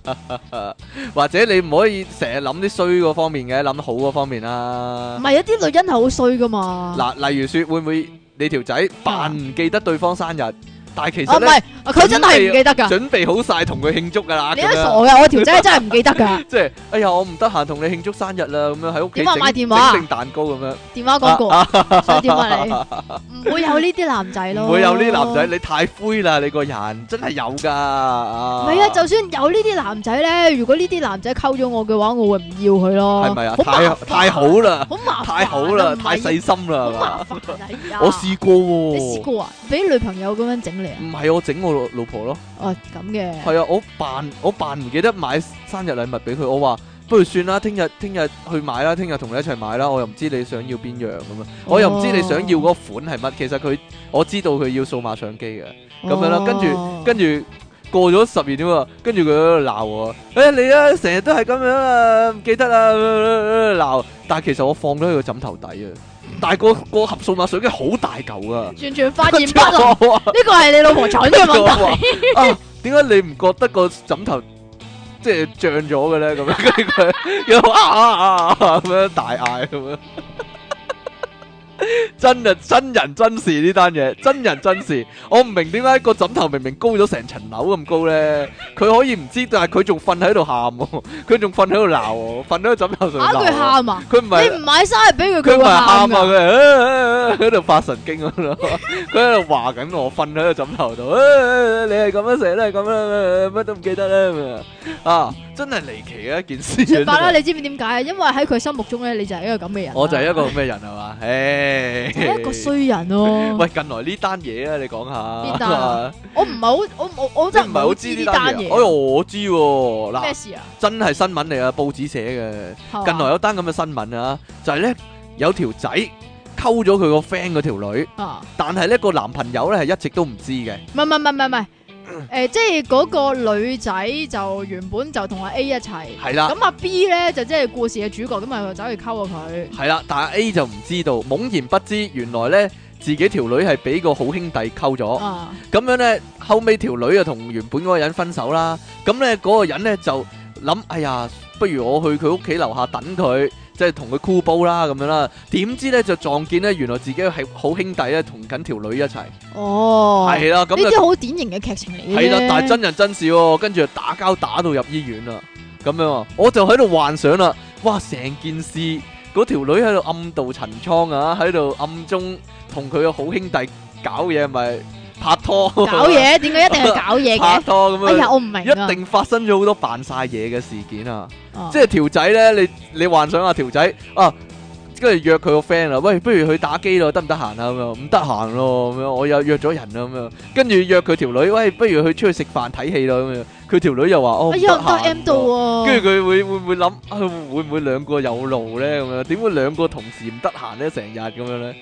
啊！或者你唔可以成日諗啲衰嗰方面嘅，諗好嗰方面啦。唔係有啲女人係好衰噶嘛。嗱，例如説，會唔會你條仔扮唔記得對方生日？ 但其實咧，佢真係唔記得噶。準備好晒同佢慶祝噶啦，你樣傻，嘅，我條仔真係唔記得噶。即係，哎呀，我唔得閒同你慶祝生日啦，咁樣喺屋企整整蛋糕咁樣。電話廣告，想點啊，你？唔會有呢啲男仔咯。唔會有呢啲男仔，你太灰啦！你個人真係有噶。唔係啊，就算有呢啲男仔咧，如果呢啲男仔溝咗我嘅話，我會唔要佢咯。係咪啊？太好啦，好麻煩，太好啦，太細心啦，好麻煩啊！我試過。你試過啊？俾女朋友咁樣整。唔係我整我老婆咯，哦，咁嘅，係啊，我扮我扮唔記得買生日禮物俾佢，我話不如算啦，聽日聽日去買啦，聽日同你一齊買啦，我又唔知你想要邊樣咁啊，哦、我又唔知你想要嗰款係乜，其實佢我知道佢要數碼相機嘅，咁、哦、樣啦，跟住跟住過咗十二點、哎、啊，跟住佢喺度鬧我，誒，你啊成日都係咁樣啊唔記得啊，鬧、呃呃呃呃呃，但係其實我放咗佢個枕頭底啊。個個大個個盒數碼相機好大嚿噶，完全，全發現唔到。呢個係你老婆蠢嘅問題。啊，點解你唔覺得個枕頭即係脹咗嘅咧？咁樣跟住佢又啊啊咁、啊、樣大嗌咁樣。真人真人真事呢單嘢，真人真珍事，事真事 我唔明點解個枕頭明明高咗成層樓咁高咧，佢可以唔知，但係佢仲瞓喺度喊，佢仲瞓喺度鬧，瞓喺枕頭度喊啊！佢唔係你唔買生日俾佢佢話喊啊！佢喺度發神經咯，佢喺度話緊我瞓喺個枕頭度，啊啊，你係咁樣成日，都係咁樣，乜，啊啊、都唔記得啦 啊！真係離奇嘅一件事。一八啦，你知唔知點解啊？ 因為喺佢心目中咧，你就係一個咁嘅人，我就係一個咩人啊？係一個衰人咯。喂，近來呢單嘢啊，你講下。邊單啊？我唔係好，我我我真係唔係好知呢單嘢。哎呀，我知喎。咩事啊？嗱，真係新聞嚟啊，報紙寫嘅。近來有單咁嘅新聞啊，就係咧有條仔溝咗佢個 friend 嗰條女。啊！但係咧個男朋友咧係一直都唔知嘅。唔係，唔係，唔係，唔係。呃、即係嗰個女仔就原本就同阿 A 一齊，係啦的。咁阿 B 呢，就即係故事嘅主角，咁咪走去溝過佢。係啦，但係 A 就唔知道，懵然不知，原來呢，自己條女係俾個好兄弟溝咗。咁、啊、樣呢，後尾條女啊同原本嗰個人分手啦。咁呢，嗰、那個人呢，就諗，哎呀，不如我去佢屋企樓下等佢。即係同佢箍煲啦咁樣啦，點知咧就撞見咧，原來自己係好兄弟咧，同緊條女一齊。哦，係啦，咁呢啲好典型嘅劇情嚟嘅。係啦，但係真人真事喎、喔，跟住就打交打到入醫院啦，咁樣，我就喺度幻想啦，哇！成件事嗰條女喺度暗度陳倉啊，喺度暗中同佢嘅好兄弟搞嘢咪？拍拖搞嘢，點解一定係搞嘢嘅？拍拖咁樣，哎呀，我唔明啊！一定發生咗好多扮晒嘢嘅事件啊！即係條仔咧，你你幻想下條仔啊，跟住約佢個 friend 啊，喂，不如去打機咯，得唔得閒啊？咁樣唔得閒咯，咁樣我又約咗人啊，咁樣跟住約佢條女，喂，不如去出去食飯睇戲咯，咁樣佢條女又話哦，哎呀唔得閒，跟住佢會會唔會諗，會唔會兩個有路咧？咁樣點會兩個同時唔得閒咧？成日咁樣咧？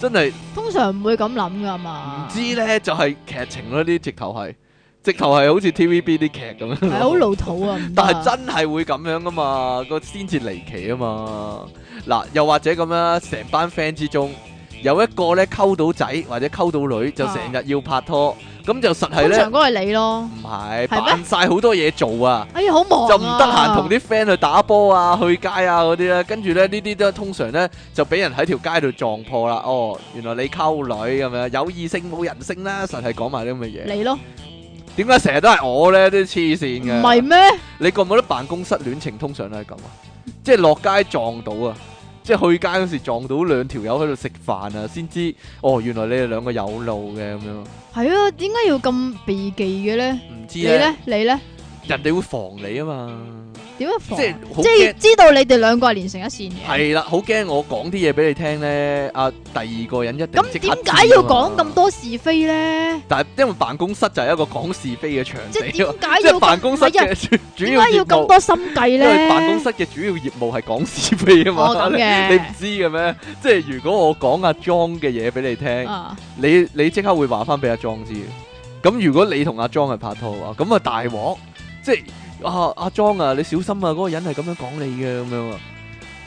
真係通常唔會咁諗噶嘛，唔知呢，就係劇情咯，啲直頭係，直頭係好似 TVB 啲劇咁樣，係好對 老土啊。 但係真係會咁樣噶嘛，個先至離奇啊嘛。嗱，又或者咁樣，成班 friend 之中有一個呢，溝到仔或者溝到女，就成日要拍拖。啊嗯咁就實係咧，通常嗰係你咯，唔係扮曬好多嘢做啊，哎呀好忙，就唔得閒同啲 friend 去打波啊、去街啊嗰啲咧，跟住咧呢啲都通常咧就俾人喺條街度撞破啦。哦，原來你溝女咁樣，有異性冇人性啦，實係講埋啲咁嘅嘢。你咯，點解成日都係我咧？啲黐線嘅，唔係咩？你覺唔覺得辦公室戀情通常都係咁啊？即係落街撞到啊！即係去街嗰時撞到兩條友喺度食飯啊，先知哦，原來你哋兩個有路嘅咁樣。係啊，點解要咁避忌嘅咧？唔知你咧？你咧？人哋會防你啊嘛？點樣防？即係知道你哋兩個係連成一線嘅。係啦，好驚我講啲嘢俾你聽咧。阿、啊、第二個人一定即刻知。咁點解要講咁多是非咧？但係因為辦公室就係一個講是非嘅場地咯。即係點解要辦公室嘅主要、啊、要咁多心計咧？因為辦公室嘅主要業務係講是非啊嘛。我嘅、哦、你唔知嘅咩？即係如果我講阿莊嘅嘢俾你聽，啊、你你即刻會話翻俾阿莊知嘅。咁如果你同阿莊係拍拖嘅話，咁啊大鑊。即係啊阿莊啊，你小心啊！嗰個人係咁樣講你嘅，咁樣啊，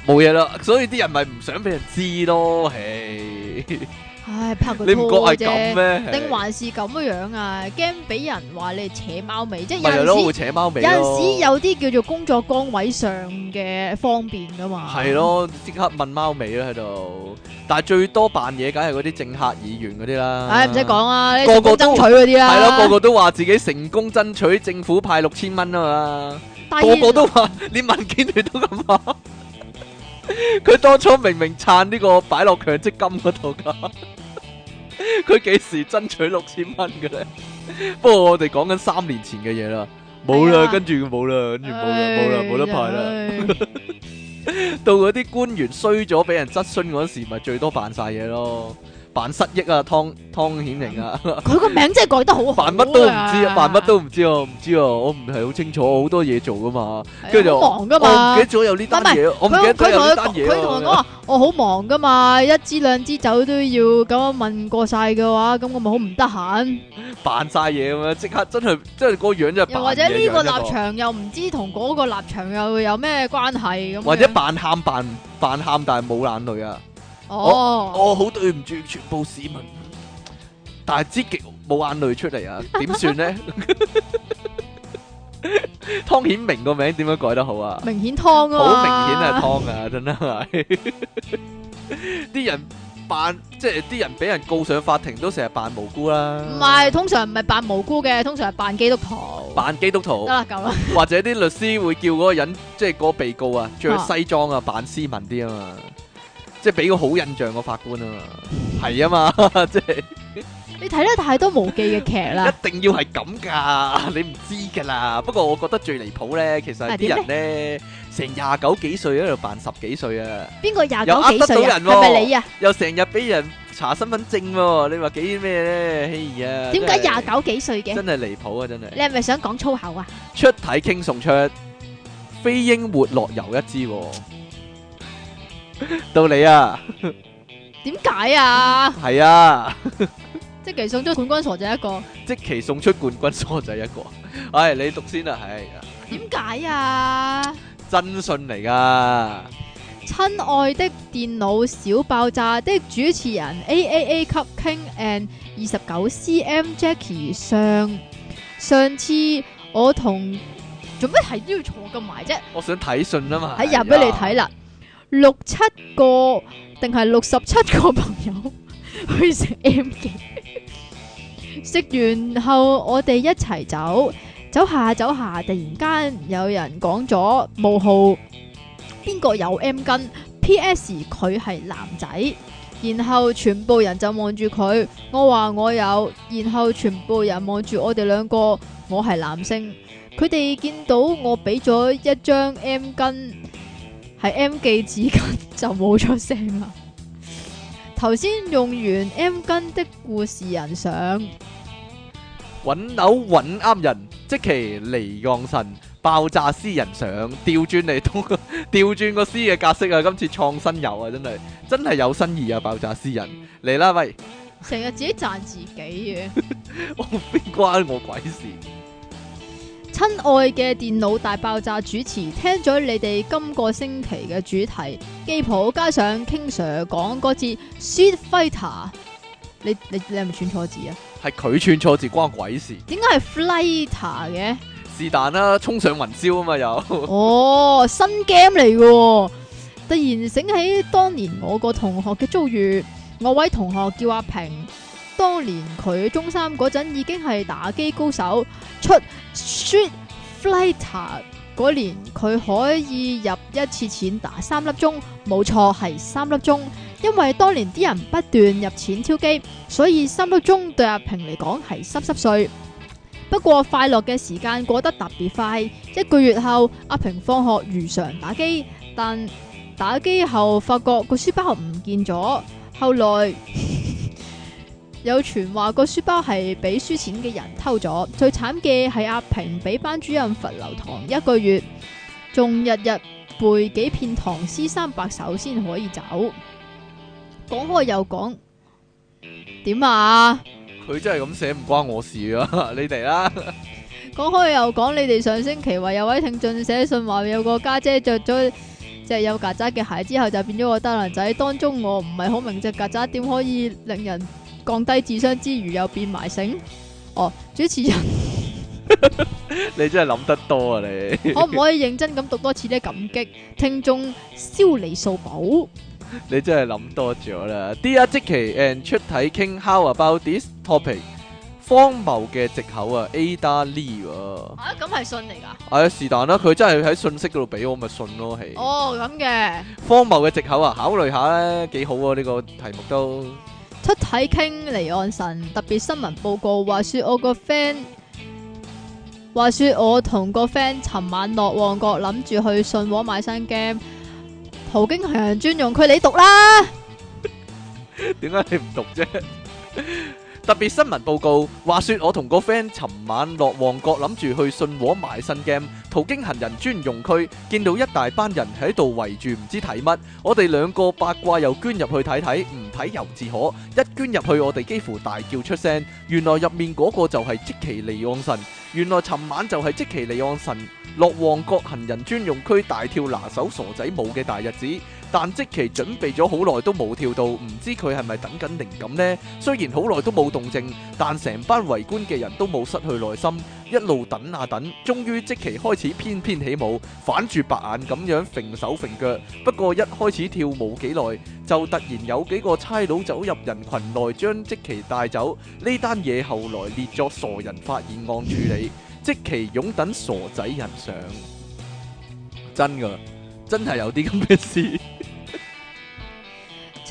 冇嘢啦。所以啲人咪唔想俾人知咯，唉。 唉，拍個拖，你唔覺係咁咩？定還是咁嘅樣啊？驚俾 人話你扯貓尾，即係有陣時都會扯貓尾。 有陣時有啲叫做工作崗位上嘅方便噶嘛？係咯，即刻問貓尾啦喺度，但係最多扮嘢梗係嗰啲政客、議員嗰啲啦。唉、哎，唔使講啊，個個爭取嗰啲啦，係咯，個個都話自己成功爭取政府派六千蚊啊嘛，但是 個個都話你問件條都咁話。 佢當初明明撐呢個擺落強積金嗰度噶，佢幾時爭取六千蚊嘅咧？不過我哋講緊三年前嘅嘢啦，冇啦，跟住冇啦，跟住冇啦，冇啦，冇得派啦。到嗰啲官員衰咗，俾人質詢嗰時，咪最多煩晒嘢咯。扮失憶啊，湯湯顯靈啊！佢個名真係改得好好啊！扮乜都唔知，啊，扮乜都唔知哦，唔知啊，我唔係好清楚，好多嘢做噶嘛，跟住就好忙噶嘛，唔記得咗有呢單嘢，佢同佢同我講話，我好忙噶嘛，一支兩支酒都要咁樣問過晒嘅話，咁我咪好唔得閒，扮晒嘢咁樣，即刻真係，真係個樣就又或者呢個立場又唔知同嗰個立場又有咩關係咁，或者扮喊扮扮喊但係冇眼淚啊！哦，我好對唔住全部市民，但係積極冇眼淚出嚟啊，點算呢？湯顯明個名點樣改得好啊？明顯湯啊，好明顯係湯啊，真係。啲人扮即係啲人俾人告上法庭都成日扮無辜啦，唔係，通常唔係扮無辜嘅，通常係扮基督徒。扮基督徒得啦，夠啦。或者啲律師會叫嗰個人即係嗰個被告啊，着西裝啊，扮斯文啲啊嘛。即係俾個好印象個法官啊嘛，係啊嘛，即係你睇得太多無記嘅劇啦，一定要係咁噶，你唔知噶啦。不過我覺得最離譜咧，其實啲人咧成廿九幾歲喺度扮十幾歲啊，邊個廿九幾歲啊？係咪你啊？又成日俾人查身份證，你話幾咩咧？哎呀，點解廿九幾歲嘅？真係離譜啊！真係。你係咪想講粗口啊？出體傾送出飛鷹活絡油一支。到你啊？點解啊？係是啊！即期送出冠軍傻仔一個，即期送出冠軍傻仔一個。 唉、哎，你先讀先啦，哎。點解啊？真信嚟噶，親愛的電腦小爆炸的主持人 A A A 級 King and 二十九 C M Jackie 上上次我同做咩係都要坐咁埋啫？我想睇信啊嘛，喺入俾你睇啦。六七個定係六十七個朋友去 食 M 記，食 完後我哋一齊走，走下走下，突然間有人講咗冒號，邊個有 M 巾 PS 佢係男仔，然後全部人就望住佢，我話我有，然後全部人望住我哋兩個，我係男性，佢哋見到我俾咗一張 M 巾。Gun, 係 M 記紙巾就冇咗聲啦。頭先用完 M 根的故事人相，搵樓搵啱人，即其離岸神爆炸詩人相，調轉嚟通，調轉個詩嘅格式啊！今次創新有啊，真係真係有新意啊！爆炸詩人嚟啦，喂，成日自己讚自己嘅，我邊關我鬼事。親愛嘅電腦大爆炸主持，聽咗你哋今個星期嘅主題，積淇加上傾 Sir 講嗰節 Sweet Fighter，你你你係咪串錯字啊？係佢串錯字關我鬼事？點解係 Flighter 嘅？是但啦，衝上雲霄啊嘛又。哦，新 game 嚟嘅，突然醒起當年我個同學嘅遭遇，我位同學叫阿平。當年佢中三嗰陣已經係打機高手，出 Street Fighter 嗰年，佢可以入一次錢打三粒鐘，冇錯係三粒鐘。因為當年啲人不斷入錢挑機，所以三粒鐘對阿平嚟講係濕濕碎。不過快樂嘅時間過得特別快，一個月後阿平放學如常打機，但打機後發覺個書包唔見咗，後來。有傳話個書包係俾輸錢嘅人偷咗，最慘嘅係阿平俾班主任罰留堂一個月，仲日日背幾篇唐詩三百首先可以走。講開又講，點啊？佢真係咁寫，唔關我事啊 你們啦笑！你哋啦。講開又講，你哋上星期話有位聽眾寫信話有個家姐着咗即係有曱甴嘅鞋，之後就變咗個單男仔，當中我唔係好明，隻曱甴點可以令人。降低智商之餘又變埋聲哦！主持人，你真係諗得多啊！你可唔可以認真咁讀多次咧？感激聽眾，燒你數寶。你真係諗多咗啦！Dear 積淇 and 出體 Kinghow about this topic？荒謬嘅借口啊！Ada Lee 啊，咁係信嚟噶？哎，是但啦，佢真係喺信息嗰度俾,我，咪信咯係。哦，咁嘅荒謬嘅借口啊，考慮下咧，幾好啊！呢個題目都。出體 king 離岸神。特別新聞報告話說，我個 friend 話說我同個 friend 尋晚落旺角諗住去信和買新 game，途經行人專用區，佢，你讀啦？點解 你唔讀啫？ 特別新聞報告，話說我同個 friend 尋晚落旺角諗住去信和買新 game，途經行人專用區，見到一大班人喺度圍住唔知睇乜，我哋兩個八卦又捐入去睇睇，唔睇又自可，一捐入去我哋幾乎大叫出聲，原來入面嗰個就係積淇離岸神，原來尋晚就係積淇離岸神，落旺角行人專用區大跳拿手傻仔舞嘅大日子。但積淇準備咗好耐都冇跳到，唔知佢係咪等緊靈感呢？雖然好耐都冇動靜，但成班圍觀嘅人都冇失去耐心，一路等啊等，終於積淇開始翩翩起舞，反住白眼咁樣揈手揈腳。不過一開始跳舞幾耐，就突然有幾個差佬走入人群內，將積淇帶走。呢單嘢後來列作傻人發現案處理。積淇 勇等傻仔人上，真㗎，真係有啲咁嘅事。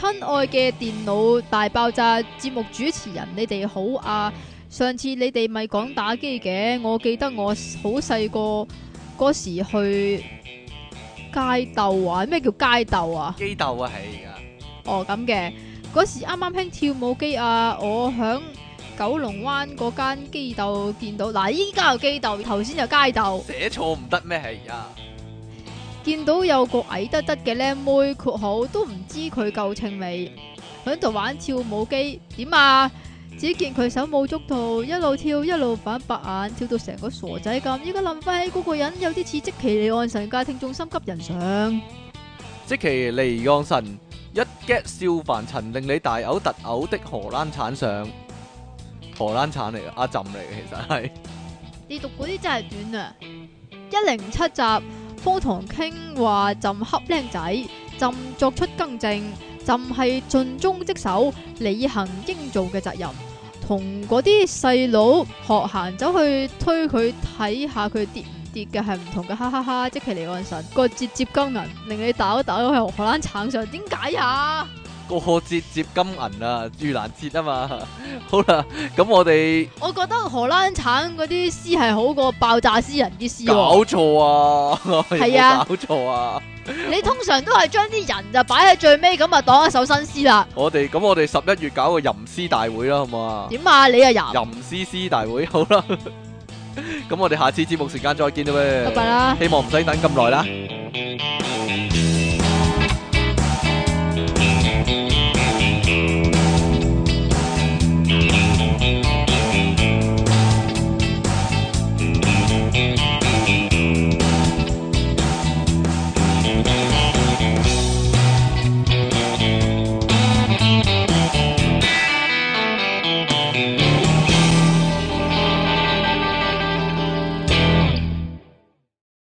親愛嘅電腦大爆炸節目主持人，你哋好啊！上次你哋咪講打機嘅，我記得我好細個嗰時去街斗啊，咩叫街斗啊？機斗啊，係啊！哦咁嘅，嗰時啱啱興跳舞機啊，我響九龍灣嗰間機斗見到，嗱依家有機斗，頭先有街斗，寫錯唔得咩係啊？見到有個矮得得嘅靚妹，妹，括號都唔知佢夠秤未，喺度玩跳舞機點啊！只見佢手舞足蹈，一路跳一路反白眼，跳到成個傻仔咁。依家諗返起嗰個人，有啲似積淇離岸神，家，聽眾心急人上。積淇離岸神一 get 笑凡塵，令你大嘔特嘔的荷蘭產上。荷蘭產嚟嘅，阿浸嚟嘅其實係。你讀嗰啲真係短啊！一零七集。方唐傾話朕恰靚仔，朕作出更正，朕係盡忠職守，履行應做嘅責任，同嗰啲細佬學行走去推佢睇下佢跌唔跌嘅係唔同嘅，哈哈哈！積淇離岸神個接接金銀令你打一打去荷蘭橙上，點解呀？個、哦、接接金銀啊，遇蘭節啊嘛，好啦，咁我哋，我覺得荷蘭產嗰啲詩係好過爆炸詩人啲詩，搞錯啊，係啊，搞錯啊，你通常都係將啲人就擺喺最尾咁啊，擋 一手新詩啦我。我哋咁，我哋十一月搞個吟詩大會啦，好唔好啊？點啊？你啊吟吟詩詩大會，好啦，咁 我哋下次節目時間再見啦，喂？拜拜啦，希望唔使等咁耐啦。